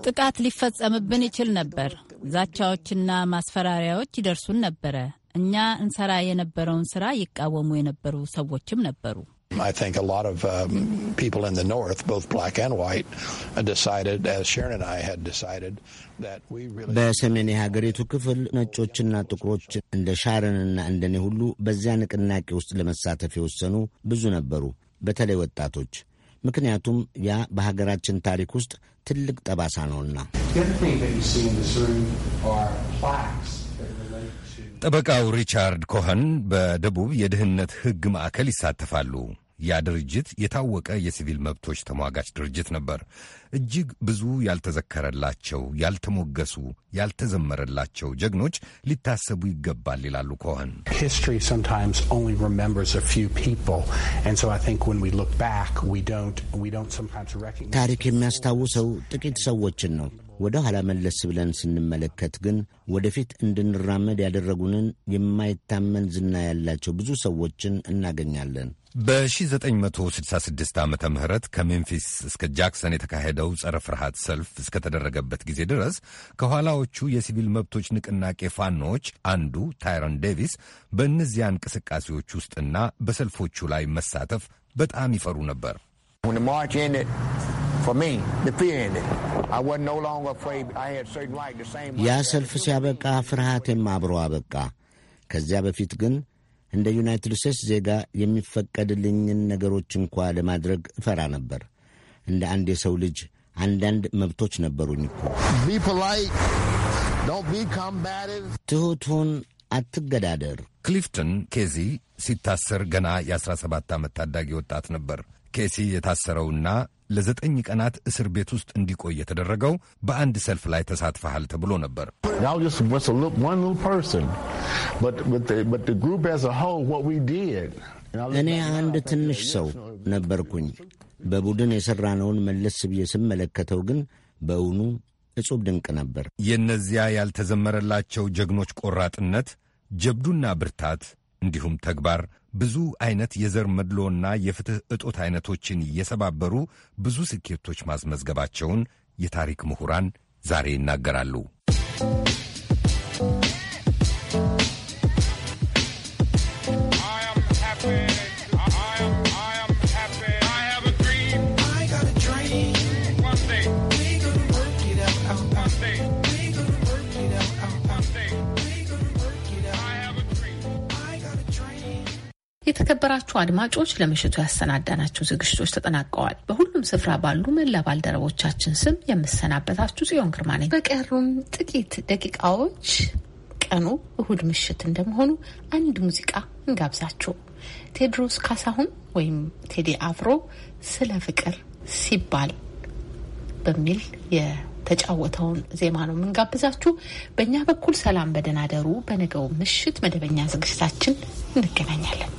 ጥቃት ሊፈጸምብን ይችል ነበር። ዛቻዎችና ማስፈራሪያዎች ይደርሱን ነበረ። እኛ እንሰራ የነበረውን ስራ ይቃወሙ የነበሩ ሰዎችም ነበሩ። I think a lot of um, people in the North, both black and white, decided, as Sharon and I had decided, that we really... በሰሜን የሀገሪቱ ክፍል ነጮችና ጥቁሮች እንደ ሻረንና እንደኔ ሁሉ በዚያ ንቅናቄ ውስጥ ለመሳተፍ የወሰኑ ብዙ ነበሩ፣ በተለይ ወጣቶች። ምክንያቱም ያ በሀገራችን ታሪክ ውስጥ ትልቅ ጠባሳ ነውና። ጠበቃው ሪቻርድ ኮኸን በደቡብ የድህነት ሕግ ማዕከል ይሳተፋሉ። ያ ድርጅት የታወቀ የሲቪል መብቶች ተሟጋች ድርጅት ነበር። እጅግ ብዙ ያልተዘከረላቸው፣ ያልተሞገሱ፣ ያልተዘመረላቸው ጀግኖች ሊታሰቡ ይገባል ይላሉ ኮኸን። ታሪክ የሚያስታውሰው ጥቂት ሰዎችን ነው። ወደ ኋላ መለስ ብለን ስንመለከት ግን ወደፊት እንድንራመድ ያደረጉንን የማይታመን ዝና ያላቸው ብዙ ሰዎችን እናገኛለን። በ1966 ዓ ም ከሜምፊስ እስከ ጃክሰን የተካሄደው ጸረ ፍርሃት ሰልፍ እስከተደረገበት ጊዜ ድረስ ከኋላዎቹ የሲቪል መብቶች ንቅናቄ ፋኖዎች አንዱ ታይረን ዴቪስ በእነዚያ እንቅስቃሴዎች ውስጥና በሰልፎቹ ላይ መሳተፍ በጣም ይፈሩ ነበር። ያ ሰልፍ ሲያበቃ ፍርሃቴም አብሮ አበቃ። ከዚያ በፊት ግን እንደ ዩናይትድ ስቴትስ ዜጋ የሚፈቀድልኝን ነገሮች እንኳ ለማድረግ እፈራ ነበር። እንደ አንድ የሰው ልጅ አንዳንድ መብቶች ነበሩኝ እኮ። ትሑት ሁን፣ አትገዳደር። ክሊፍተን ኬዚ ሲታሰር ገና የ17 ዓመት ታዳጊ ወጣት ነበር። ኬሲ የታሰረውና ለዘጠኝ ቀናት እስር ቤት ውስጥ እንዲቆይ የተደረገው በአንድ ሰልፍ ላይ ተሳትፈሃል ተብሎ ነበር። እኔ አንድ ትንሽ ሰው ነበርኩኝ። በቡድን የሠራነውን መለስ ብዬ ስመለከተው ግን በእውኑ እጹብ ድንቅ ነበር። የእነዚያ ያልተዘመረላቸው ጀግኖች ቆራጥነት፣ ጀብዱና ብርታት እንዲሁም ተግባር ብዙ አይነት የዘር መድሎና የፍትሕ እጦት አይነቶችን እየሰባበሩ ብዙ ስኬቶች ማስመዝገባቸውን የታሪክ ምሁራን ዛሬ ይናገራሉ። የተከበራችሁ አድማጮች ለምሽቱ ያሰናዳናቸው ዝግጅቶች ተጠናቀዋል። በሁሉም ስፍራ ባሉ መላ ባልደረቦቻችን ስም የምሰናበታችሁ ጽዮን ግርማ ነኝ። በቀሩም ጥቂት ደቂቃዎች ቀኑ እሁድ ምሽት እንደመሆኑ አንድ ሙዚቃ እንጋብዛችሁ። ቴዎድሮስ ካሳሁን ወይም ቴዲ አፍሮ ስለ ፍቅር ሲባል በሚል የተጫወተውን ዜማ ነው የምንጋብዛችሁ። በእኛ በኩል ሰላም፣ በደህና ደሩ። በነገው ምሽት መደበኛ ዝግጅታችን እንገናኛለን።